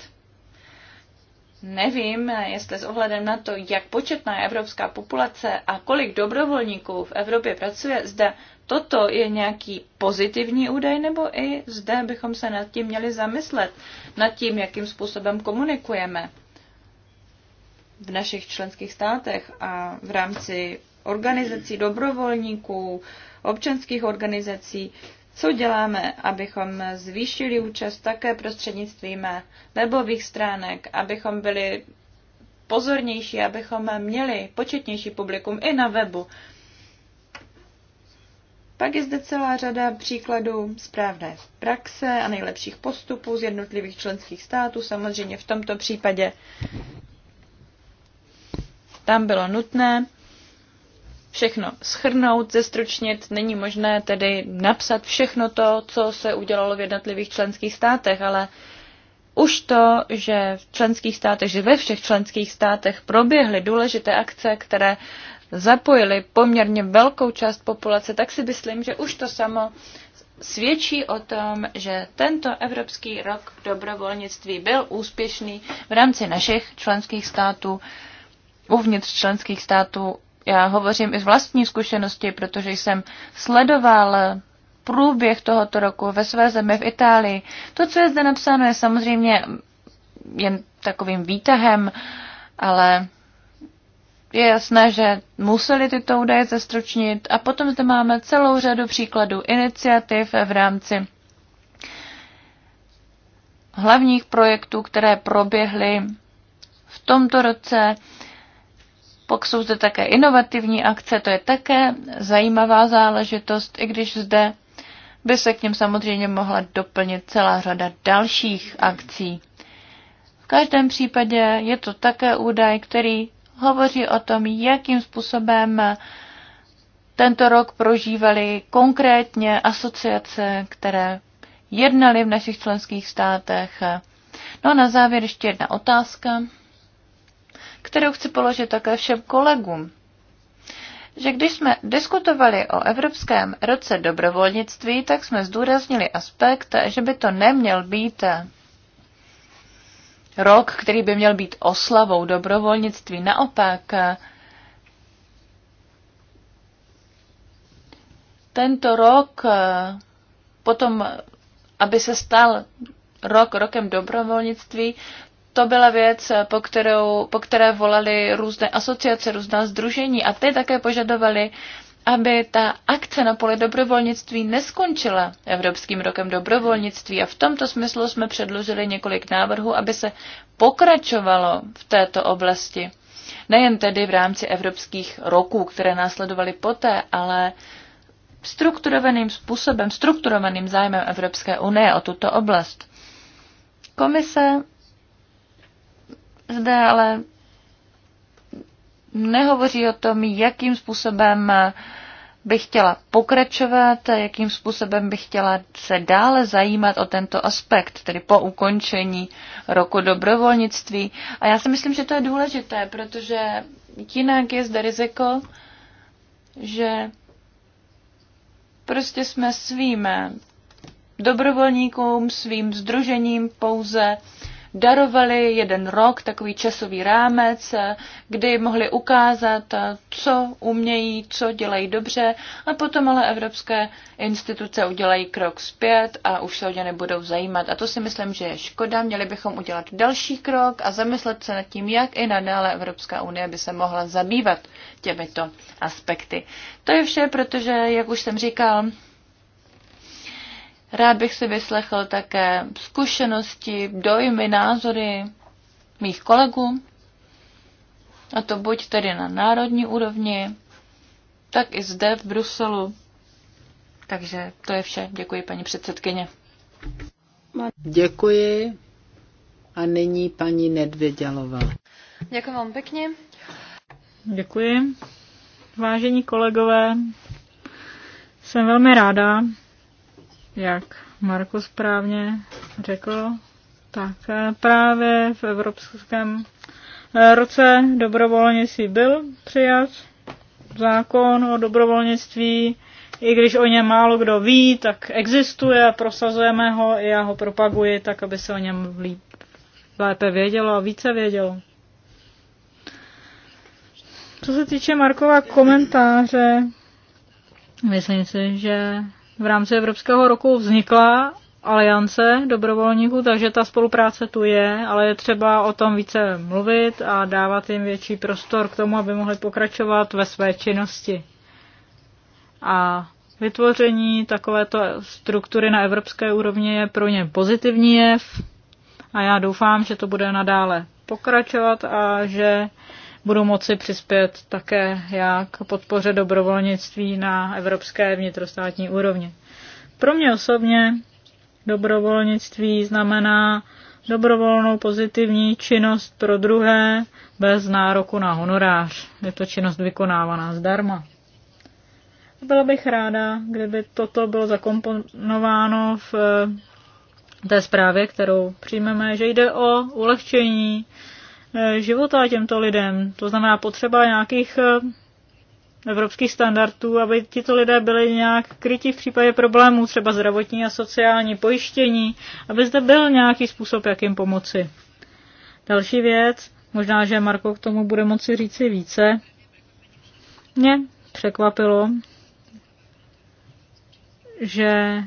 Speaker 2: Nevím, jestli s ohledem na to, jak početná je evropská populace a kolik dobrovolníků v Evropě pracuje, zda toto je nějaký pozitivní údaj, nebo i zde bychom se nad tím měli zamyslet, nad tím, jakým způsobem komunikujeme v našich členských státech a v rámci organizací dobrovolníků, občanských organizací, co děláme, abychom zvýšili účast také prostřednictvím webových stránek, abychom byli pozornější, abychom měli početnější publikum i na webu. Pak je zde celá řada příkladů správné praxe a nejlepších postupů z jednotlivých členských států. Samozřejmě v tomto případě tam bylo nutné všechno schrnout, zestručnit. Není možné tedy napsat všechno to, co se udělalo v jednotlivých členských státech, ale už to, že v členských státech, že ve všech členských státech proběhly důležité akce, které zapojili poměrně velkou část populace, tak si myslím, že už to samo svědčí o tom, že tento Evropský rok dobrovolnictví byl úspěšný v rámci našich členských států, uvnitř členských států. Já hovořím i z vlastní zkušenosti, protože jsem sledoval průběh tohoto roku ve své zemi v Itálii. To, co je zde napsáno, je samozřejmě jen takovým výtahem, ale je jasné, že museli tyto údaje zestručnit a potom zde máme celou řadu příkladů iniciativ v rámci hlavních projektů, které proběhly v tomto roce. Pak jsou zde také inovativní akce, to je také zajímavá záležitost, i když zde by se k něm samozřejmě mohla doplnit celá řada dalších akcí. V každém případě je to také údaj, který hovoří o tom, jakým způsobem tento rok prožívali konkrétně asociace, které jednaly v našich členských státech. No a na závěr ještě jedna otázka, kterou chci položit také všem kolegům. Že když jsme diskutovali o Evropském roce dobrovolnictví, tak jsme zdůraznili aspekt, že by to neměl být rok, který by měl být oslavou dobrovolnictví. Naopak, tento rok potom, aby se stal rok rokem dobrovolnictví, to byla věc, po, kterou, po které volali různé asociace, různá združení a ty také požadovali aby ta akce na poli dobrovolnictví neskončila Evropským rokem dobrovolnictví a v tomto smyslu jsme předložili několik návrhů, aby se pokračovalo v této oblasti. Nejen tedy v rámci evropských roků, které následovaly poté, ale strukturovaným způsobem, strukturovaným zájmem Evropské unie o tuto oblast. Komise zde ale nehovoří o tom, jakým způsobem bych chtěla pokračovat, jakým způsobem bych chtěla se dále zajímat o tento aspekt, tedy po ukončení roku dobrovolnictví. A já si myslím, že to je důležité, protože jinak je zde riziko, že prostě jsme svým dobrovolníkům, svým združením pouze darovali jeden rok, takový časový rámec, kdy mohli ukázat, co umějí, co dělají dobře a potom ale evropské instituce udělají krok zpět a už se o ně nebudou zajímat. A to si myslím, že je škoda. Měli bychom udělat další krok a zamyslet se nad tím, jak i nadále Evropská unie by se mohla zabývat těmito aspekty. To je vše, protože, jak už jsem říkal, Rád bych si vyslechl také zkušenosti, dojmy, názory mých kolegů, a to buď tedy na národní úrovni, tak i zde v Bruselu. Takže to je vše. Děkuji, paní předsedkyně.
Speaker 3: Děkuji.
Speaker 1: A nyní paní Nedvědělová.
Speaker 2: Děkuji vám pěkně.
Speaker 1: Děkuji. Vážení kolegové, jsem velmi ráda, jak Marko správně řekl, tak právě v Evropském eh, roce dobrovolnictví byl přijat zákon o dobrovolnictví. I když o něm málo kdo ví, tak existuje a prosazujeme ho. I já ho propaguji tak, aby se o něm líp, lépe vědělo a více vědělo. Co se týče Markova komentáře, myslím si, že v rámci Evropského roku vznikla aliance dobrovolníků, takže ta spolupráce tu je, ale je třeba o tom více mluvit a dávat jim větší prostor k tomu, aby mohli pokračovat ve své činnosti. A vytvoření takovéto struktury na evropské úrovni je pro ně pozitivní jev a já doufám, že to bude nadále pokračovat a že budu moci přispět také jak podpoře dobrovolnictví na evropské vnitrostátní úrovni. Pro mě osobně dobrovolnictví znamená dobrovolnou pozitivní činnost pro druhé bez nároku na honorář. Je to činnost vykonávaná zdarma. Byla bych ráda, kdyby toto bylo zakomponováno v té zprávě, kterou přijmeme, že jde o ulehčení Eh, života těmto lidem. To znamená potřeba nějakých eh, evropských standardů, aby tito lidé byli nějak kryti v případě problémů, třeba zdravotní a sociální pojištění, aby zde byl nějaký způsob, jak jim pomoci. Další věc, možná, že Marko k tomu bude moci říci více, mě překvapilo, že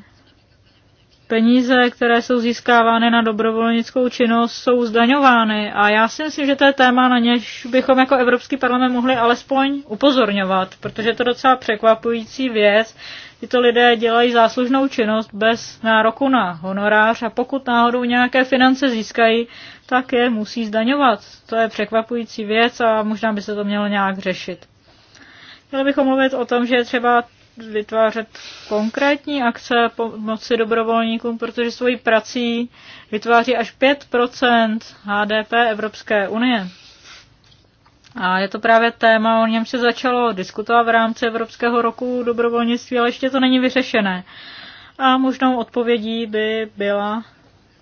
Speaker 1: peníze, které jsou získávány na dobrovolnickou činnost, jsou zdaňovány. A já si myslím, že to je téma, na něž bychom jako Evropský parlament mohli alespoň upozorňovat, protože je to docela překvapující věc. Tyto lidé dělají záslužnou činnost bez nároku na honorář a pokud náhodou nějaké finance získají, tak je musí zdaňovat. To je překvapující věc a možná by se to mělo nějak řešit. Chtěli bychom mluvit o tom, že třeba vytvářet konkrétní akce pomoci dobrovolníkům, protože svojí prací vytváří až 5% HDP Evropské unie. A je to právě téma, o něm se začalo diskutovat v rámci Evropského roku dobrovolnictví, ale ještě to není vyřešené. A možnou odpovědí by byla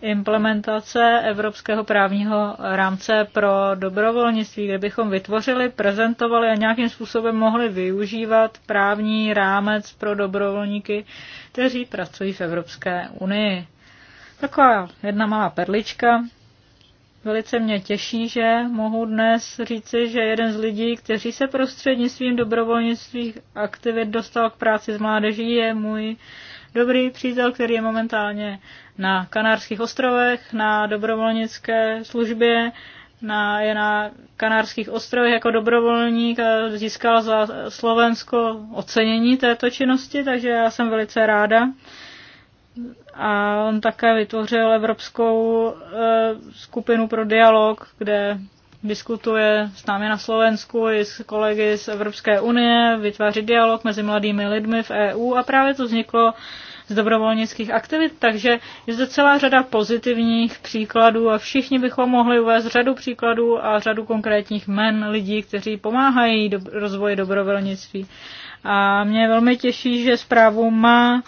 Speaker 1: implementace evropského právního rámce pro dobrovolnictví, kde bychom vytvořili, prezentovali a nějakým způsobem mohli využívat právní rámec pro dobrovolníky, kteří pracují v Evropské unii. Taková jedna malá perlička. Velice mě těší, že mohu dnes říci, že jeden z lidí, kteří se prostřednictvím dobrovolnictvích aktivit dostal k práci s mládeží, je můj dobrý přítel, který je momentálně na Kanárských ostrovech, na dobrovolnické službě, na, je na Kanárských ostrovech jako dobrovolník a získal za Slovensko ocenění této činnosti, takže já jsem velice ráda. A on také vytvořil Evropskou e, skupinu pro dialog, kde diskutuje s námi na Slovensku i s kolegy z Evropské unie, vytváří dialog mezi mladými lidmi v EU a právě to vzniklo z dobrovolnických aktivit, takže je zde celá řada pozitivních příkladů a všichni bychom mohli uvést řadu příkladů a řadu konkrétních men lidí, kteří pomáhají do, rozvoji dobrovolnictví. A mě velmi těší, že zprávu má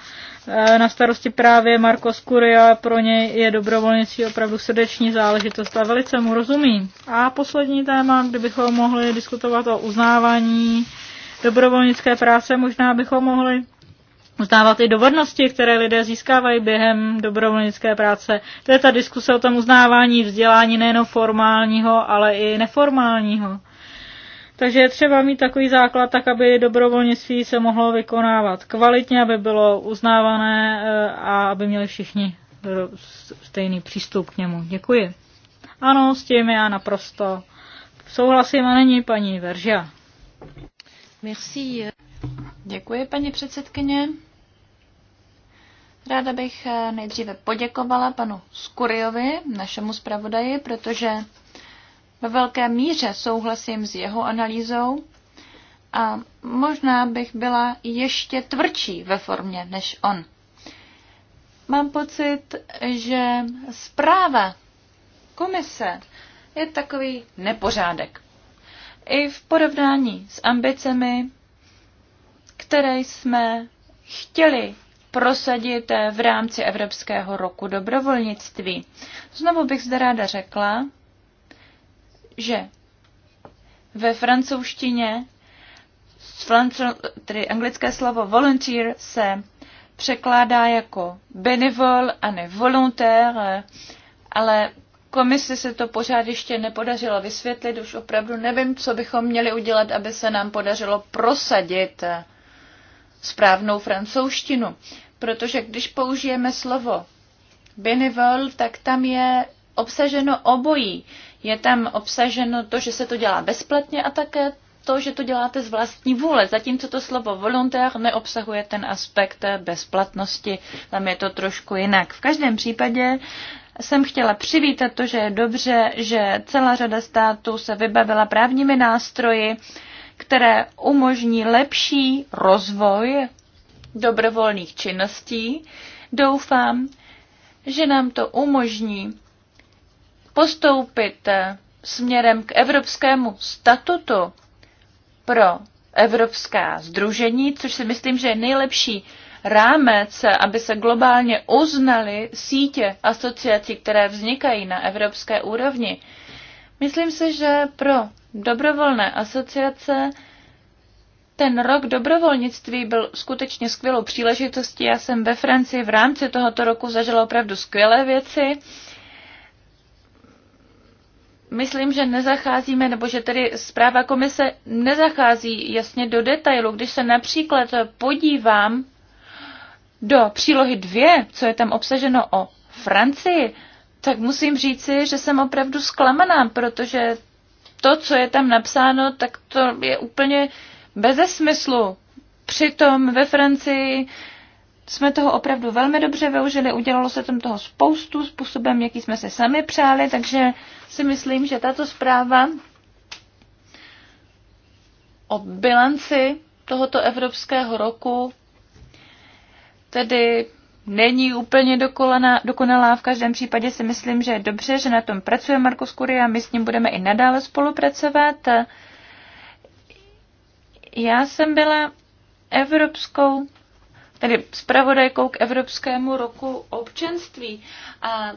Speaker 1: e, na starosti právě Marko Skuria, pro něj je dobrovolnicí opravdu srdeční záležitost a velice mu rozumí. A poslední téma, kdybychom mohli diskutovat o uznávání dobrovolnické práce, možná bychom mohli uznávat i dovednosti, které lidé získávají během dobrovolnické práce. To je ta diskuse o tom uznávání vzdělání nejen formálního, ale i neformálního. Takže je třeba mít takový základ, tak aby dobrovolnictví se mohlo vykonávat kvalitně, aby bylo uznávané eh, a aby měli všichni eh, stejný přístup k němu. Děkuji. Ano, s tím já naprosto souhlasím a není paní Verža.
Speaker 2: Merci. Děkuji, paní předsedkyně. Ráda bych eh, nejdříve poděkovala panu Skuriovi, našemu zpravodaji, protože ve velké míře souhlasím s jeho analýzou a možná bych byla ještě tvrdší ve formě než on. Mám pocit, že zpráva komise je takový nepořádek. I v porovnání s ambicemi, které jsme chtěli prosadit v rámci Evropského roku dobrovolnictví. Znovu bych zde ráda řekla, že ve francouzštině tedy anglické slovo volunteer se překládá jako benevol a ne volontaire, ale komisi se to pořád ještě nepodařilo vysvětlit, už opravdu nevím, co bychom měli udělat, aby se nám podařilo prosadit správnou francouzštinu. Protože když použijeme slovo benevol, tak tam je obsaženo obojí. Je tam obsaženo to, že se to dělá bezplatně a také to, že to děláte z vlastní vůle, zatímco to slovo volontér neobsahuje ten aspekt bezplatnosti, tam je to trošku jinak. V každém případě jsem chtěla přivítat to, že je dobře, že celá řada států se vybavila právními nástroji, které umožní lepší rozvoj dobrovolných činností. Doufám, že nám to umožní postoupit eh, směrem k evropskému statutu pro evropská združení, což si myslím, že je nejlepší rámec, aby se globálně uznaly sítě asociací, které vznikají na evropské úrovni. Myslím si, že pro dobrovolné asociace ten rok dobrovolnictví byl skutečně skvělou příležitostí. Já jsem ve Francii v rámci tohoto roku zažila opravdu skvělé věci myslím, že nezacházíme, nebo že tedy zpráva komise nezachází jasně do detailu. Když se například podívám do přílohy dvě, co je tam obsaženo o Francii, tak musím říci, že jsem opravdu zklamaná, protože to, co je tam napsáno, tak to je úplně beze smyslu. Přitom ve Francii jsme toho opravdu velmi dobře využili, udělalo se tam toho spoustu způsobem, jaký jsme se sami přáli, takže si myslím, že tato zpráva o bilanci tohoto evropského roku tedy není úplně dokolená, dokonalá. V každém případě si myslím, že je dobře, že na tom pracuje Markus a my s ním budeme i nadále spolupracovat. Já jsem byla evropskou tedy zpravodajkou k Evropskému roku občanství. A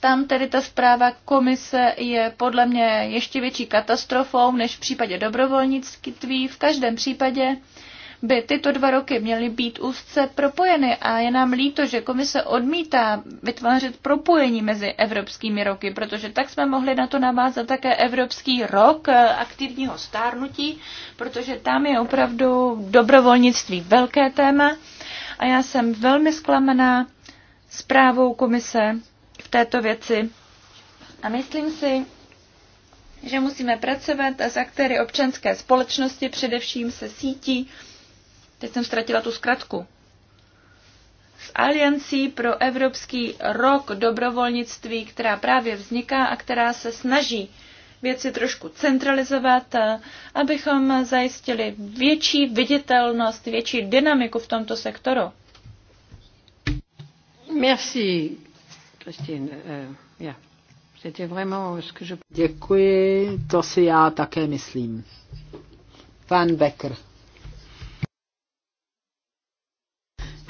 Speaker 2: tam tedy ta zpráva komise je podle mě ještě větší katastrofou než v případě dobrovolnictví. V každém případě by tyto dva roky měly být úzce propojeny a je nám líto, že komise odmítá vytvářet propojení mezi evropskými roky, protože tak jsme mohli na to navázat také Evropský rok aktivního stárnutí, protože tam je opravdu dobrovolnictví velké téma a já jsem velmi zklamaná zprávou komise v této věci a myslím si, že musíme pracovat s aktéry občanské společnosti, především se sítí, teď jsem ztratila tu zkratku, s Aliancí pro Evropský rok dobrovolnictví, která právě vzniká a která se snaží věci trošku centralizovat, eh, abychom zajistili větší viditelnost, větší dynamiku v tomto sektoru.
Speaker 1: Merci, Christine. Eh,
Speaker 3: Děkuji, to si já také myslím. Pan Becker.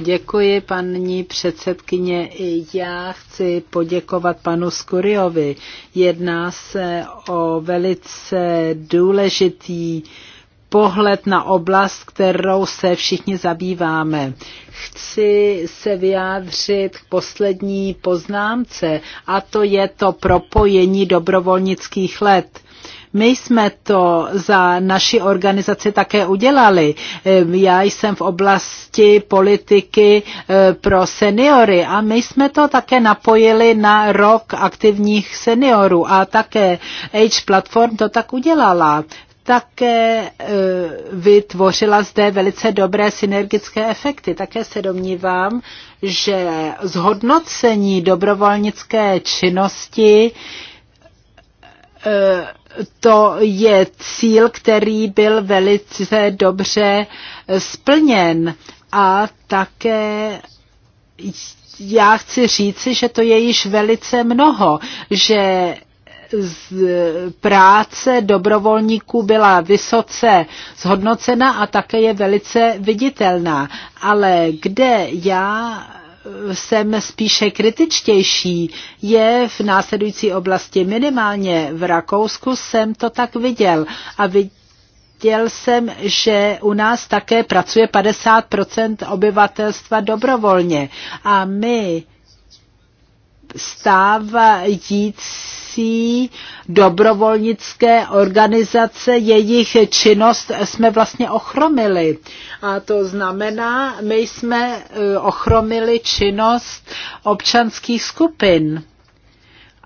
Speaker 3: Děkuji, paní předsedkyně. Já chci poděkovat panu Skuriovi. Jedná se o velice důležitý pohled na oblast, kterou se všichni zabýváme. Chci se vyjádřit k poslední poznámce, a to je to propojení dobrovolnických let my jsme to za naši organizaci také udělali. Já jsem v oblasti politiky eh, pro seniory a my jsme to také napojili na rok aktivních seniorů a také Age Platform to tak udělala také eh, vytvořila zde velice dobré synergické efekty. Také se domnívám, že zhodnocení dobrovolnické činnosti to je cíl, který byl velice dobře splněn. A také já chci říci, že to je již velice mnoho, že z práce dobrovolníků byla vysoce zhodnocena a také je velice viditelná. Ale kde já jsem spíše kritičtější, je v následující oblasti. Minimálně v Rakousku jsem to tak viděl a viděl jsem, že u nás také pracuje 50% obyvatelstva dobrovolně a my stávající prací dobrovolnické organizace, jejich činnost jsme vlastně ochromili. A to znamená, my jsme eh, ochromili činnost občanských skupin.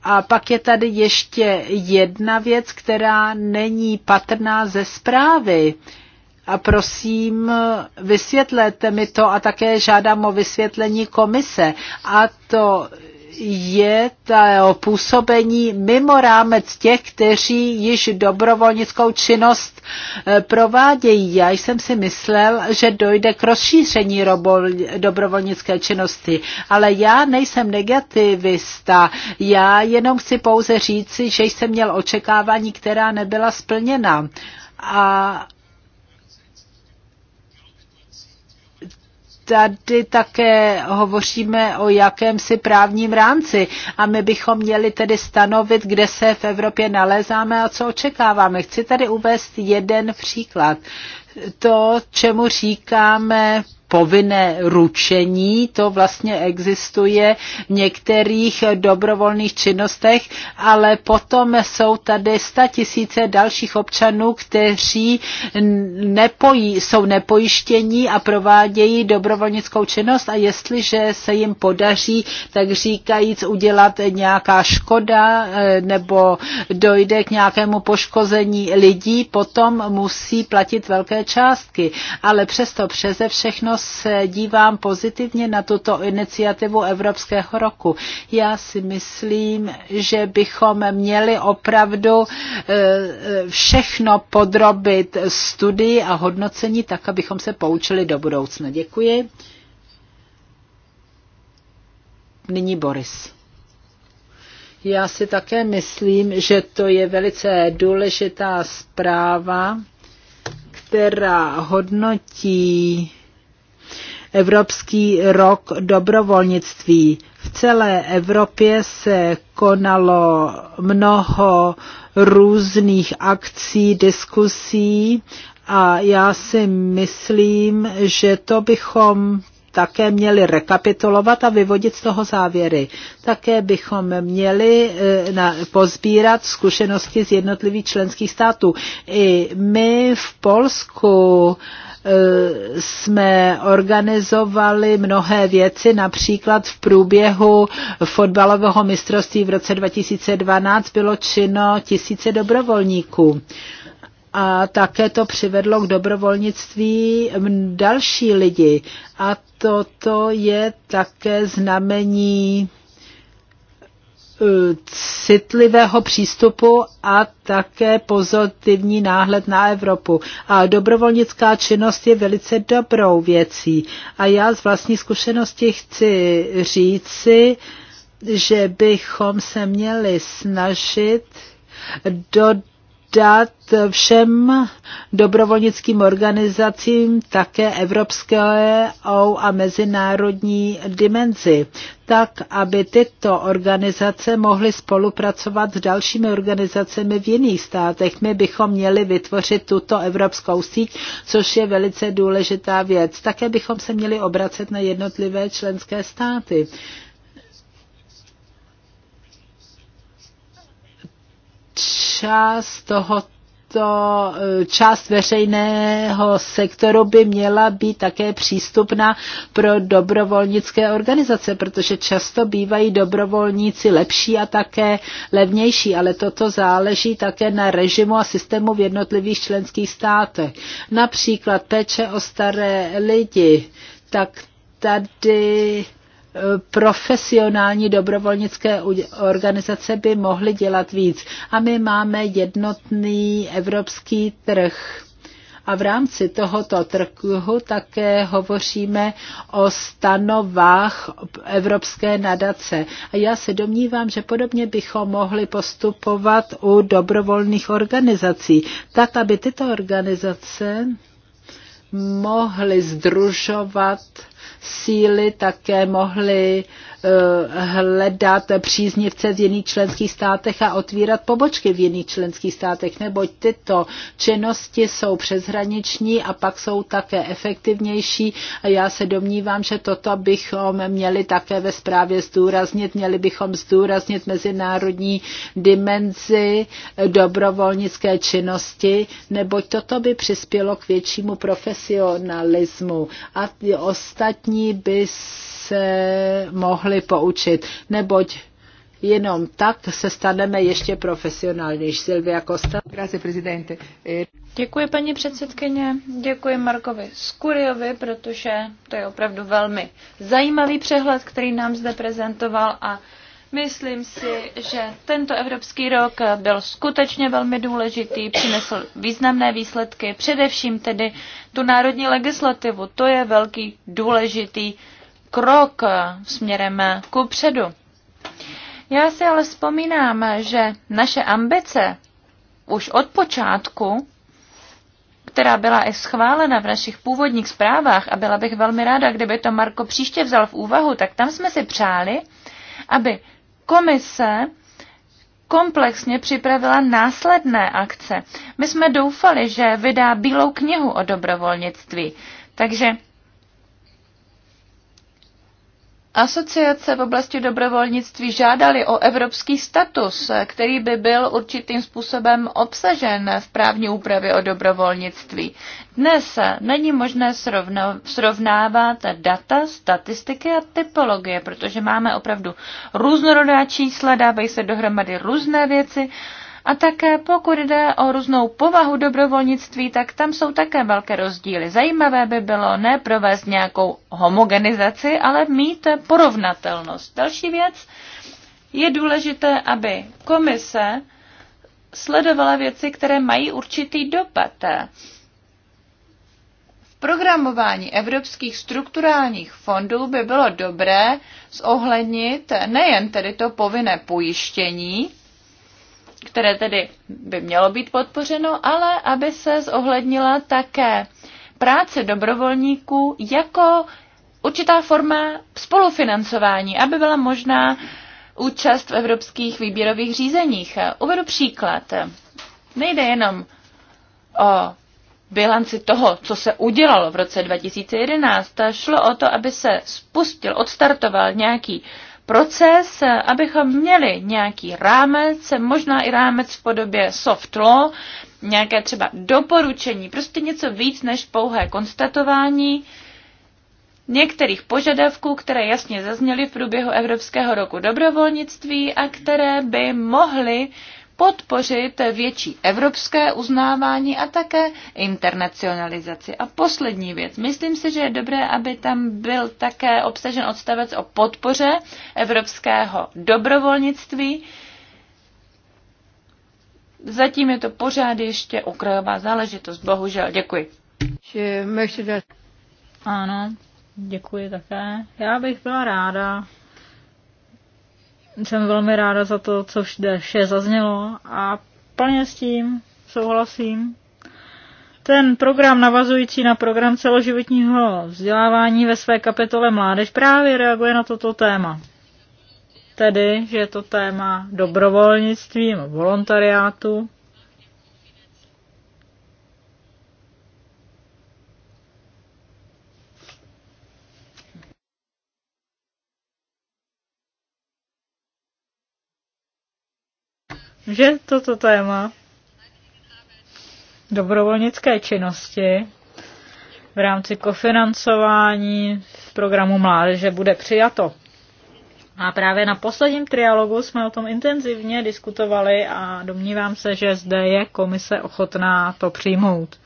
Speaker 3: A pak je tady ještě jedna věc, která není patrná ze zprávy. A prosím, vysvětlete mi to a také žádám o vysvětlení komise. A to je to působení mimo rámec těch, kteří již dobrovolnickou činnost eh, provádějí. Já jsem si myslel, že dojde k rozšíření dobrovolnické činnosti, ale já nejsem negativista. Já jenom chci pouze říci, že jsem měl očekávání, která nebyla splněna. A tady také hovoříme o jakémsi právním rámci a my bychom měli tedy stanovit, kde se v Evropě nalézáme a co očekáváme. Chci tady uvést jeden příklad. To, čemu říkáme povinné ručení, to vlastně existuje v některých dobrovolných činnostech, ale potom jsou tady sta tisíce dalších občanů, kteří nepojí, jsou nepojištění a provádějí dobrovolnickou činnost a jestliže se jim podaří, tak říkajíc udělat nějaká škoda e, nebo dojde k nějakému poškození lidí, potom musí platit velké částky. Ale přesto přeze všechno se dívám pozitivně na tuto iniciativu Evropského roku. Já si myslím, že bychom měli opravdu e, e, všechno podrobit studii a hodnocení tak, abychom se poučili do budoucna. Děkuji. Nyní Boris. Já si také myslím, že to je velice důležitá zpráva, která hodnotí Evropský rok dobrovolnictví. V celé Evropě se konalo mnoho různých akcí, diskusí a já si myslím, že to bychom také měli rekapitulovat a vyvodit z toho závěry. Také bychom měli eh, pozbírat zkušenosti z jednotlivých členských států. I my v Polsku Eh, jsme organizovali mnohé věci, například v průběhu fotbalového mistrovství v roce 2012 bylo činno tisíce dobrovolníků a také to přivedlo k dobrovolnictví další lidi. A toto je také znamení Eh, citlivého přístupu a také pozitivní náhled na Evropu. A dobrovolnická činnost je velice dobrou věcí. A já z vlastní zkušenosti chci říci, že bychom se měli snažit do dát všem dobrovolnickým organizacím také evropské a mezinárodní dimenzi, tak aby tyto organizace mohly spolupracovat s dalšími organizacemi v jiných státech. My bychom měli vytvořit tuto evropskou síť, což je velice důležitá věc. Také bychom se měli obracet na jednotlivé členské státy. část tohoto to eh, část veřejného sektoru by měla být také přístupná pro dobrovolnické organizace, protože často bývají dobrovolníci lepší a také levnější, ale toto záleží také na režimu a systému v jednotlivých členských státech. Například péče o staré lidi, tak tady profesionální dobrovolnické organizace by mohly dělat víc. A my máme jednotný evropský trh a v rámci tohoto trhu také hovoříme o stanovách Evropské nadace. A já se domnívám, že podobně bychom mohli postupovat u dobrovolných organizací, tak aby tyto organizace mohly združovat síly také mohly Eh, hledat příznivce v jiných členských státech a otvírat pobočky v jiných členských státech, neboť tyto činnosti jsou přeshraniční a pak jsou také efektivnější a já se domnívám, že toto bychom měli také ve zprávě zdůraznit, měli bychom zdůraznit mezinárodní dimenzi dobrovolnické činnosti, neboť toto by přispělo k většímu profesionalismu a ostatní by se mohli poučit, neboť jenom tak se staneme ještě profesionálnější. Silvia Costa. E-
Speaker 2: děkuji paní předsedkyně, děkuji Markovi Skuriovi, protože to je opravdu velmi zajímavý přehled, který nám zde prezentoval a Myslím si, že tento evropský rok byl skutečně velmi důležitý, přinesl významné výsledky, především tedy tu národní legislativu. To je velký důležitý krok směrem ku předu. Já si ale vzpomínám, že naše ambice už od počátku, která byla i schválena v našich původních zprávách, a byla bych velmi ráda, kdyby to Marko příště vzal v úvahu, tak tam jsme si přáli, aby komise komplexně připravila následné akce. My jsme doufali, že vydá bílou knihu o dobrovolnictví. Takže asociace v oblasti dobrovolnictví žádali o evropský status, který by byl určitým způsobem obsažen v právní úpravě o dobrovolnictví. Dnes není možné srovnávat data, statistiky a typologie, protože máme opravdu různorodá čísla, dávají se dohromady různé věci a také pokud jde o různou povahu dobrovolnictví, tak tam jsou také velké rozdíly. Zajímavé by bylo ne provést nějakou homogenizaci, ale mít porovnatelnost. Další věc je důležité, aby komise sledovala věci, které mají určitý dopad. V programování evropských strukturálních fondů by bylo dobré zohlednit nejen tedy to povinné pojištění, které tedy by mělo být podpořeno, ale aby se zohlednila také práce dobrovolníků jako určitá forma spolufinancování, aby byla možná účast v evropských výběrových řízeních. Uvedu příklad. Nejde jenom o bilanci toho, co se udělalo v roce 2011. Šlo o to, aby se spustil, odstartoval nějaký proces, abychom měli nějaký rámec, možná i rámec v podobě soft law, nějaké třeba doporučení, prostě něco víc než pouhé konstatování některých požadavků, které jasně zazněly v průběhu Evropského roku dobrovolnictví a které by mohly podpořit větší evropské uznávání a také internacionalizaci. A poslední věc. Myslím si, že je dobré, aby tam byl také obsažen odstavec o podpoře evropského dobrovolnictví. Zatím je to pořád ještě okrajová záležitost. Bohužel. Děkuji. Ano, děkuji také.
Speaker 1: Já bych byla ráda, jsem velmi ráda za to, co všude vše zaznělo a plně s tím souhlasím. Ten program navazující na program celoživotního vzdělávání ve své kapitole Mládež právě reaguje na toto téma. Tedy, že je to téma dobrovolnictví, volontariátu, že toto téma dobrovolnické činnosti v rámci kofinancování v programu Mládeže bude přijato. A právě na posledním trialogu jsme o tom intenzivně diskutovali a domnívám se, že zde je komise ochotná to přijmout.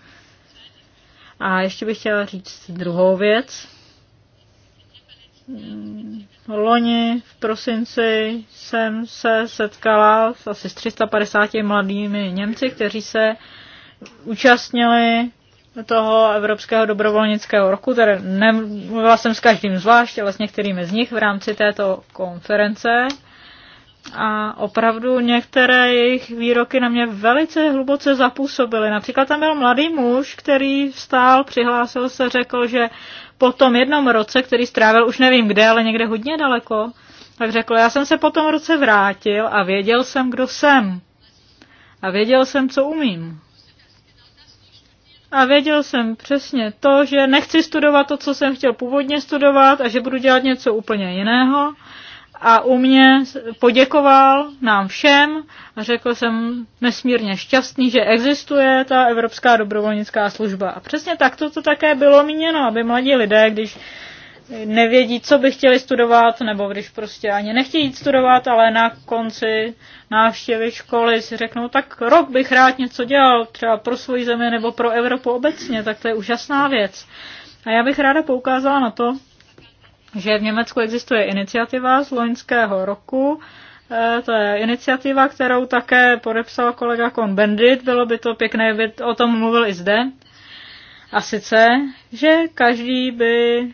Speaker 1: A ještě bych chtěla říct druhou věc. Mm, loni v prosinci jsem se setkala s asi 350 mladými Němci, kteří se účastnili toho Evropského dobrovolnického roku, které nemluvila jsem s každým zvlášť, ale s některými z nich v rámci této konference. A opravdu některé jejich výroky na mě velice hluboce zapůsobily. Například tam byl mladý muž, který vstál, přihlásil se, řekl, že po tom jednom roce, který strávil už nevím kde, ale někde hodně daleko, tak řekl, já jsem se po tom roce vrátil a věděl jsem, kdo jsem. A věděl jsem, co umím. A věděl jsem přesně to, že nechci studovat to, co jsem chtěl původně studovat a že budu dělat něco úplně jiného a u mě poděkoval nám všem a řekl jsem nesmírně šťastný, že existuje ta Evropská dobrovolnická služba. A přesně tak to, to také bylo míněno, aby mladí lidé, když nevědí, co by chtěli studovat, nebo když prostě ani nechtějí studovat, ale na konci návštěvy školy si řeknou, tak rok bych rád něco dělal, třeba pro svoji zemi nebo pro Evropu obecně, tak to je úžasná věc. A já bych ráda poukázala na to, že v Německu existuje iniciativa z loňského roku, e, to je iniciativa, kterou také podepsal kolega Kon bendit bylo by to pěkné, kdyby o tom mluvil i zde. A sice, že každý by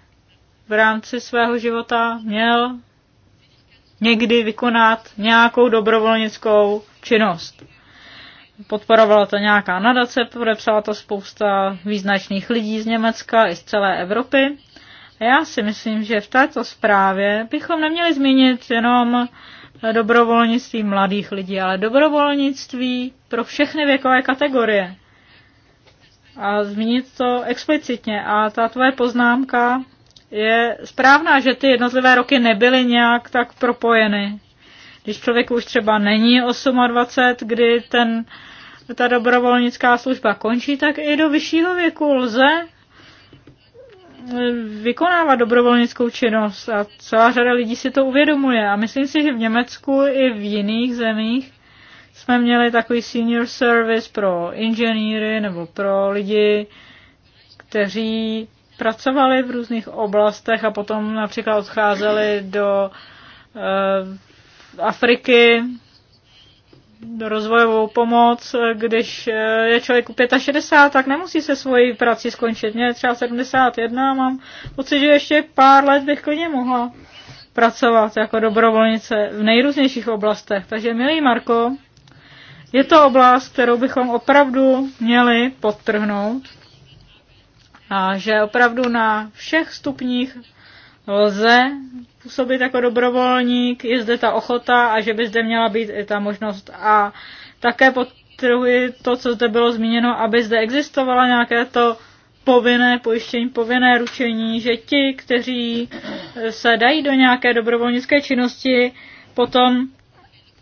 Speaker 1: v rámci svého života měl někdy vykonat nějakou dobrovolnickou činnost. Podporovala to nějaká nadace, podepsala to spousta význačných lidí z Německa i z celé Evropy. Já si myslím, že v této zprávě bychom neměli zmínit jenom dobrovolnictví mladých lidí, ale dobrovolnictví pro všechny věkové kategorie. A zmínit to explicitně. A ta tvoje poznámka je správná, že ty jednotlivé roky nebyly nějak tak propojeny. Když člověk už třeba není 28, kdy ten, ta dobrovolnická služba končí, tak i do vyššího věku lze vykonávat dobrovolnickou činnost a celá řada lidí si to uvědomuje. A myslím si, že v Německu i v jiných zemích jsme měli takový senior service pro inženýry nebo pro lidi, kteří pracovali v různých oblastech a potom například odcházeli do uh, Afriky rozvojovou pomoc, eh, když eh, je člověk 65, tak nemusí se svoji prací skončit. Mě je třeba 71 a mám pocit, že ještě pár let bych klidně mohla pracovat jako dobrovolnice v nejrůznějších oblastech. Takže, milý Marko, je to oblast, kterou bychom opravdu měli podtrhnout a že opravdu na všech stupních lze působit jako dobrovolník, je zde ta ochota a že by zde měla být i ta možnost. A také podtrhuji to, co zde bylo zmíněno, aby zde existovala nějaké to povinné pojištění, povinné ručení, že ti, kteří eh, se dají do nějaké dobrovolnické činnosti, potom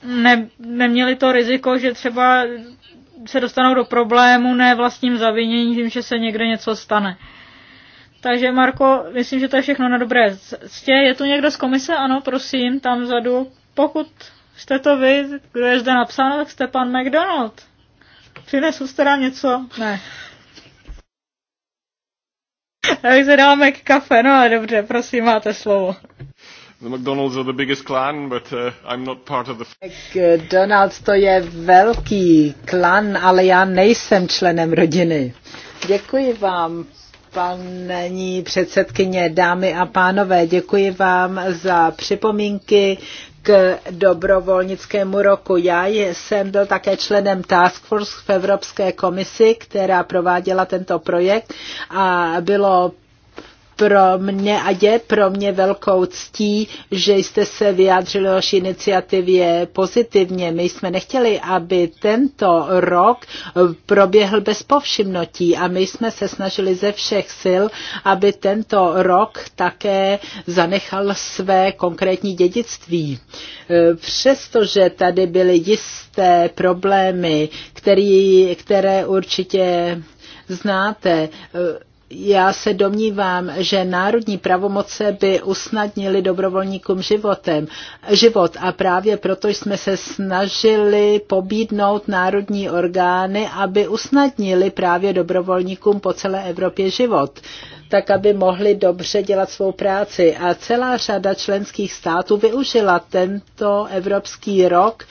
Speaker 1: ne, neměli to riziko, že třeba se dostanou do problému ne vlastním zaviněním, že se někde něco stane. Takže Marko, myslím, že to je všechno na dobré ctě. Je tu někdo z komise? Ano, prosím, tam vzadu. Pokud jste to vy, kdo je zde napsán, tak jste pan McDonald. Přinesu jste nám něco? Ne. Tak se dáme k kafe, no ale dobře, prosím, máte slovo.
Speaker 2: The McDonald's are the biggest clan, but uh, I'm not part of the...
Speaker 1: McDonald's
Speaker 3: to je velký klan, ale já nejsem členem rodiny. Děkuji vám, paní předsedkyně, dámy a pánové, děkuji vám za připomínky k dobrovolnickému roku. Já jsem byl také členem Task Force v Evropské komisi, která prováděla tento projekt a bylo pro mě a je pro mě velkou ctí, že jste se vyjádřili vaší iniciativě pozitivně. My jsme nechtěli, aby tento rok proběhl bez povšimnotí a my jsme se snažili ze všech sil, aby tento rok také zanechal své konkrétní dědictví. E, přestože tady byly jisté problémy, který, které určitě znáte, e, já se domnívám, že národní pravomoce by usnadnili dobrovolníkům životem, život a právě proto jsme se snažili pobídnout národní orgány, aby usnadnili právě dobrovolníkům po celé Evropě život tak aby mohli dobře dělat svou práci. A celá řada členských států využila tento evropský rok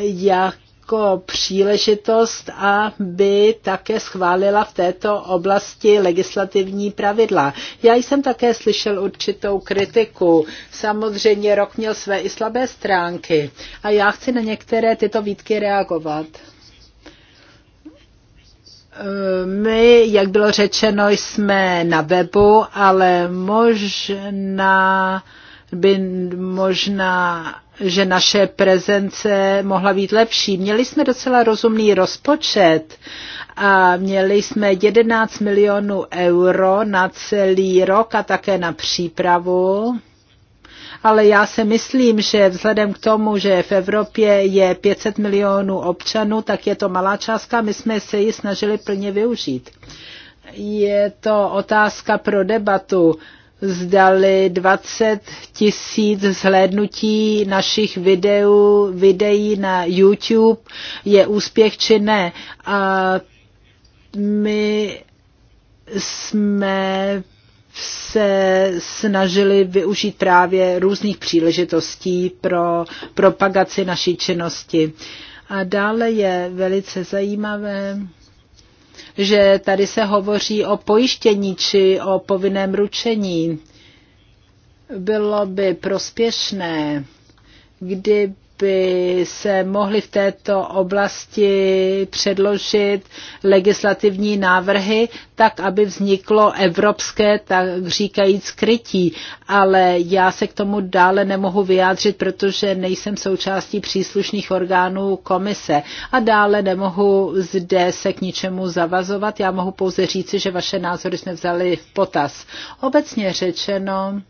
Speaker 3: jak jako příležitost, aby také schválila v této oblasti legislativní pravidla. Já jsem také slyšel určitou kritiku. Samozřejmě rok měl své i slabé stránky a já chci na některé tyto výtky reagovat. My, jak bylo řečeno, jsme na webu, ale možná by možná že naše prezence mohla být lepší. Měli jsme docela rozumný rozpočet a měli jsme 11 milionů euro na celý rok a také na přípravu ale já si myslím, že vzhledem k tomu, že v Evropě je 500 milionů občanů, tak je to malá částka, my jsme se ji snažili plně využít. Je to otázka pro debatu zdali 20 tisíc zhlédnutí našich videů, videí na YouTube je úspěch či ne. A my jsme se snažili využít právě různých příležitostí pro propagaci naší činnosti. A dále je velice zajímavé, že tady se hovoří o pojištění či o povinném ručení. Bylo by prospěšné, kdyby by se mohly v této oblasti předložit legislativní návrhy, tak aby vzniklo evropské, tak říkajíc, skrytí. Ale já se k tomu dále nemohu vyjádřit, protože nejsem součástí příslušných orgánů komise. A dále nemohu zde se k ničemu zavazovat. Já mohu pouze říci, že vaše názory jsme vzali v potaz. Obecně řečeno,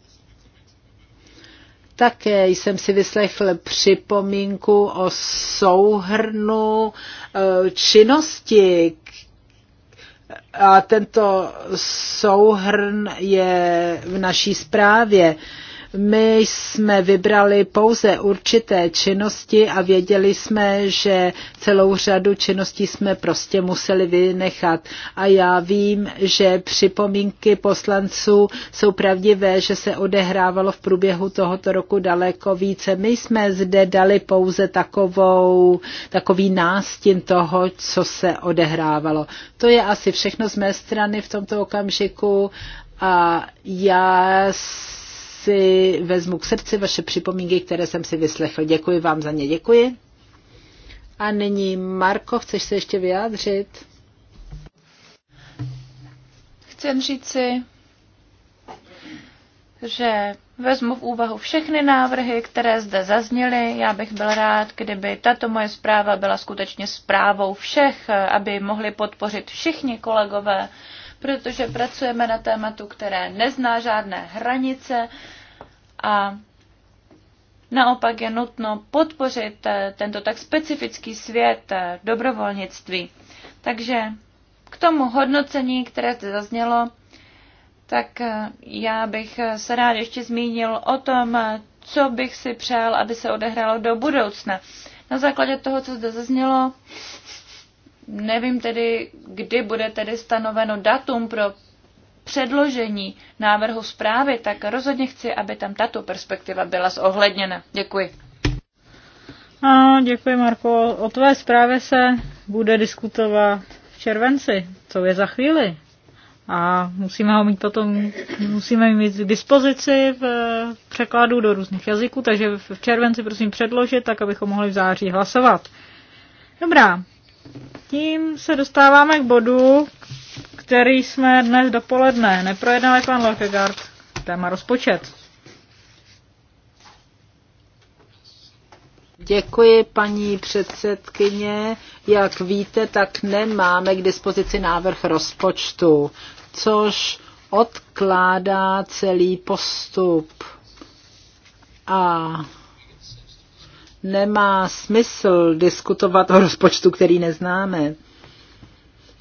Speaker 3: také jsem si vyslechl připomínku o souhrnu eh, činnosti, a tento souhrn je v naší zprávě. My jsme vybrali pouze určité činnosti a věděli jsme, že celou řadu činností jsme prostě museli vynechat. A já vím, že připomínky poslanců jsou pravdivé, že se odehrávalo v průběhu tohoto roku daleko více. My jsme zde dali pouze takovou, takový nástin toho, co se odehrávalo. To je asi všechno z mé strany v tomto okamžiku a já si vezmu k srdci vaše připomínky, které jsem si vyslechl. Děkuji vám za ně, děkuji. A nyní, Marko, chceš se ještě vyjádřit?
Speaker 2: Chcem říci, že vezmu v úvahu všechny návrhy, které zde zazněly. Já bych byl rád, kdyby tato moje zpráva byla skutečně zprávou všech, aby mohli podpořit všichni kolegové, protože pracujeme na tématu, které nezná žádné hranice a naopak je nutno podpořit eh, tento tak specifický svět eh, dobrovolnictví. Takže k tomu hodnocení, které zde zaznělo, tak eh, já bych se rád ještě zmínil o tom, co bych si přál, aby se odehrálo do budoucna. Na základě toho, co zde zaznělo, Nevím tedy, kdy bude tedy stanoveno datum pro předložení návrhu zprávy, tak rozhodně chci, aby tam tato perspektiva byla zohledněna. Děkuji.
Speaker 1: A děkuji Marko. O tvé zprávě se bude diskutovat v červenci, co je za chvíli. A musíme ho mít potom, musíme mít k dispozici v překladu do různých jazyků, takže v červenci prosím předložit, tak abychom mohli v září hlasovat. Dobrá, tím se dostáváme k bodu, který jsme dnes dopoledne neprojednali, pan Lokegard, téma rozpočet. Děkuji, paní
Speaker 3: předsedkyně. Jak víte, tak nemáme k dispozici návrh rozpočtu, což odkládá celý postup. A nemá smysl diskutovat o rozpočtu, který neznáme.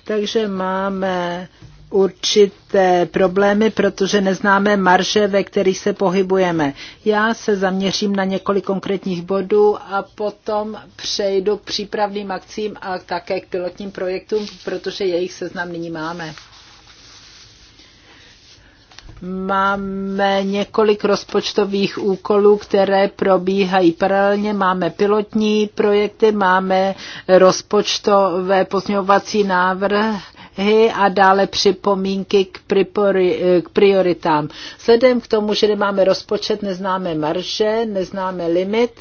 Speaker 3: Takže máme určité problémy, protože neznáme marže, ve kterých se pohybujeme. Já se zaměřím na několik konkrétních bodů a potom přejdu k přípravným akcím a také k pilotním projektům, protože jejich seznam nyní máme. Máme několik rozpočtových úkolů, které probíhají paralelně. Máme pilotní projekty, máme rozpočtové pozměňovací návrhy a dále připomínky k, pripori, k prioritám. Vzhledem k tomu, že nemáme rozpočet, neznáme marže, neznáme limit,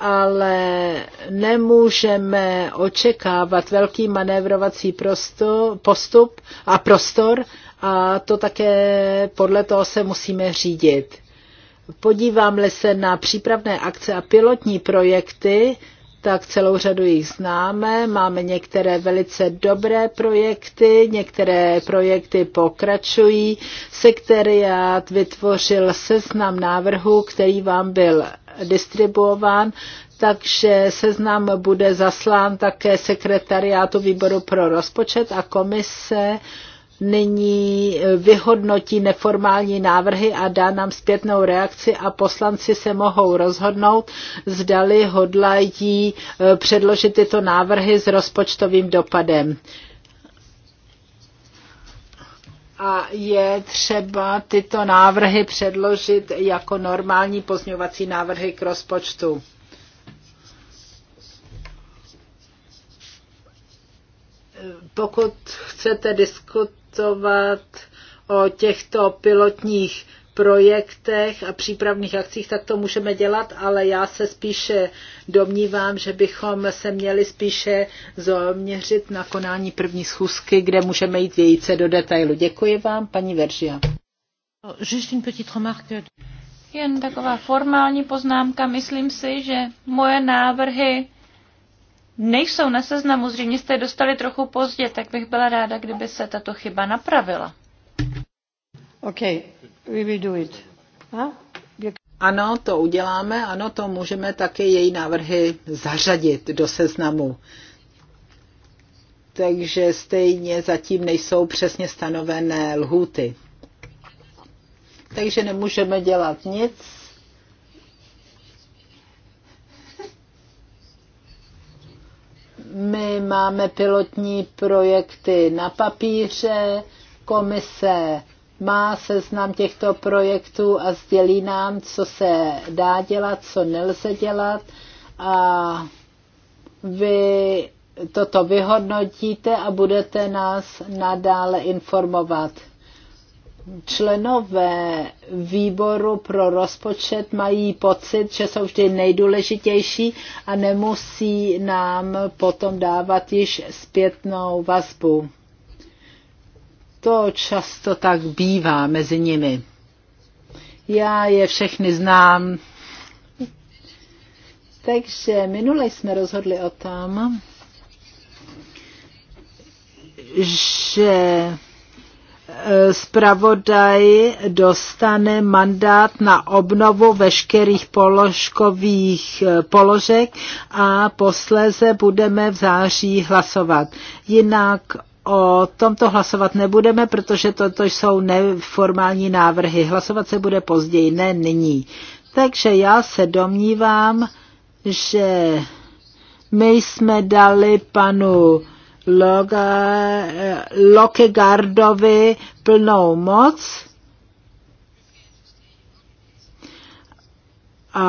Speaker 3: ale nemůžeme očekávat velký manévrovací prostor, postup a prostor, a to také podle toho se musíme řídit. Podívám-li se na přípravné akce a pilotní projekty, tak celou řadu jich známe. Máme některé velice dobré projekty, některé projekty pokračují. Sekretariát vytvořil seznam návrhů, který vám byl distribuován, takže seznam bude zaslán také sekretariátu výboru pro rozpočet a komise nyní e, vyhodnotí neformální návrhy a dá nám zpětnou reakci a poslanci se mohou rozhodnout, zdali hodlají e, předložit tyto návrhy s rozpočtovým dopadem a je třeba tyto návrhy předložit jako normální pozňovací návrhy k rozpočtu. E, pokud chcete diskutovat, diskutovat o těchto pilotních projektech a přípravných akcích, tak to můžeme dělat, ale já se spíše domnívám, že bychom se měli spíše zaměřit na konání první schůzky, kde můžeme jít vějíce do detailu. Děkuji vám, paní Veržia.
Speaker 2: Jen taková formální poznámka. Myslím si, že moje návrhy nejsou na seznamu, zřejmě jste je dostali trochu pozdě, tak bych byla ráda, kdyby se tato chyba napravila. OK,
Speaker 1: we will do it. Huh?
Speaker 3: Ano, to uděláme, ano, to můžeme také její návrhy zařadit do seznamu. Takže stejně zatím nejsou přesně stanovené lhůty. Takže nemůžeme dělat nic My máme pilotní projekty na papíře, komise má seznam těchto projektů a sdělí nám, co se dá dělat, co nelze dělat a vy toto vyhodnotíte a budete nás nadále informovat členové výboru pro rozpočet mají pocit, že jsou vždy nejdůležitější a nemusí nám potom dávat již zpětnou vazbu. To často tak bývá mezi nimi. Já je všechny znám. Takže minule jsme rozhodli o tom, že zpravodaj dostane mandát na obnovu veškerých položkových eh, položek a posléze budeme v září hlasovat. Jinak o tomto hlasovat nebudeme, protože toto jsou neformální návrhy. Hlasovat se bude později, ne nyní. Takže já se domnívám, že my jsme dali panu Lokegardovi plnou moc a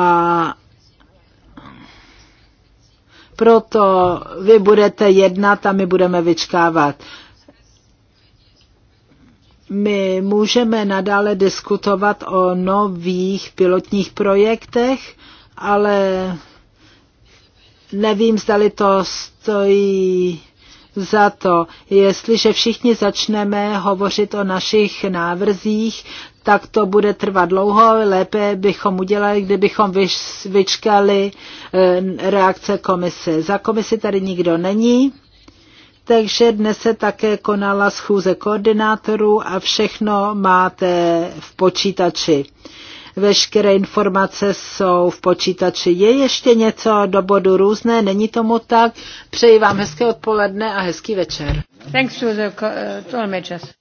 Speaker 3: proto vy budete jednat a my budeme vyčkávat. My můžeme nadále diskutovat o nových pilotních projektech, ale nevím, zda-li to stojí za to, jestliže všichni začneme hovořit o našich návrzích, tak to bude trvat dlouho, lépe bychom udělali, kdybychom vyčkali eh, reakce komise. Za komisi tady nikdo není, takže dnes se také konala schůze koordinátorů a všechno máte v počítači veškeré informace jsou v počítači. Je ještě něco do bodu různé, není tomu tak. Přeji vám hezké odpoledne a hezký večer. Thanks for the, uh,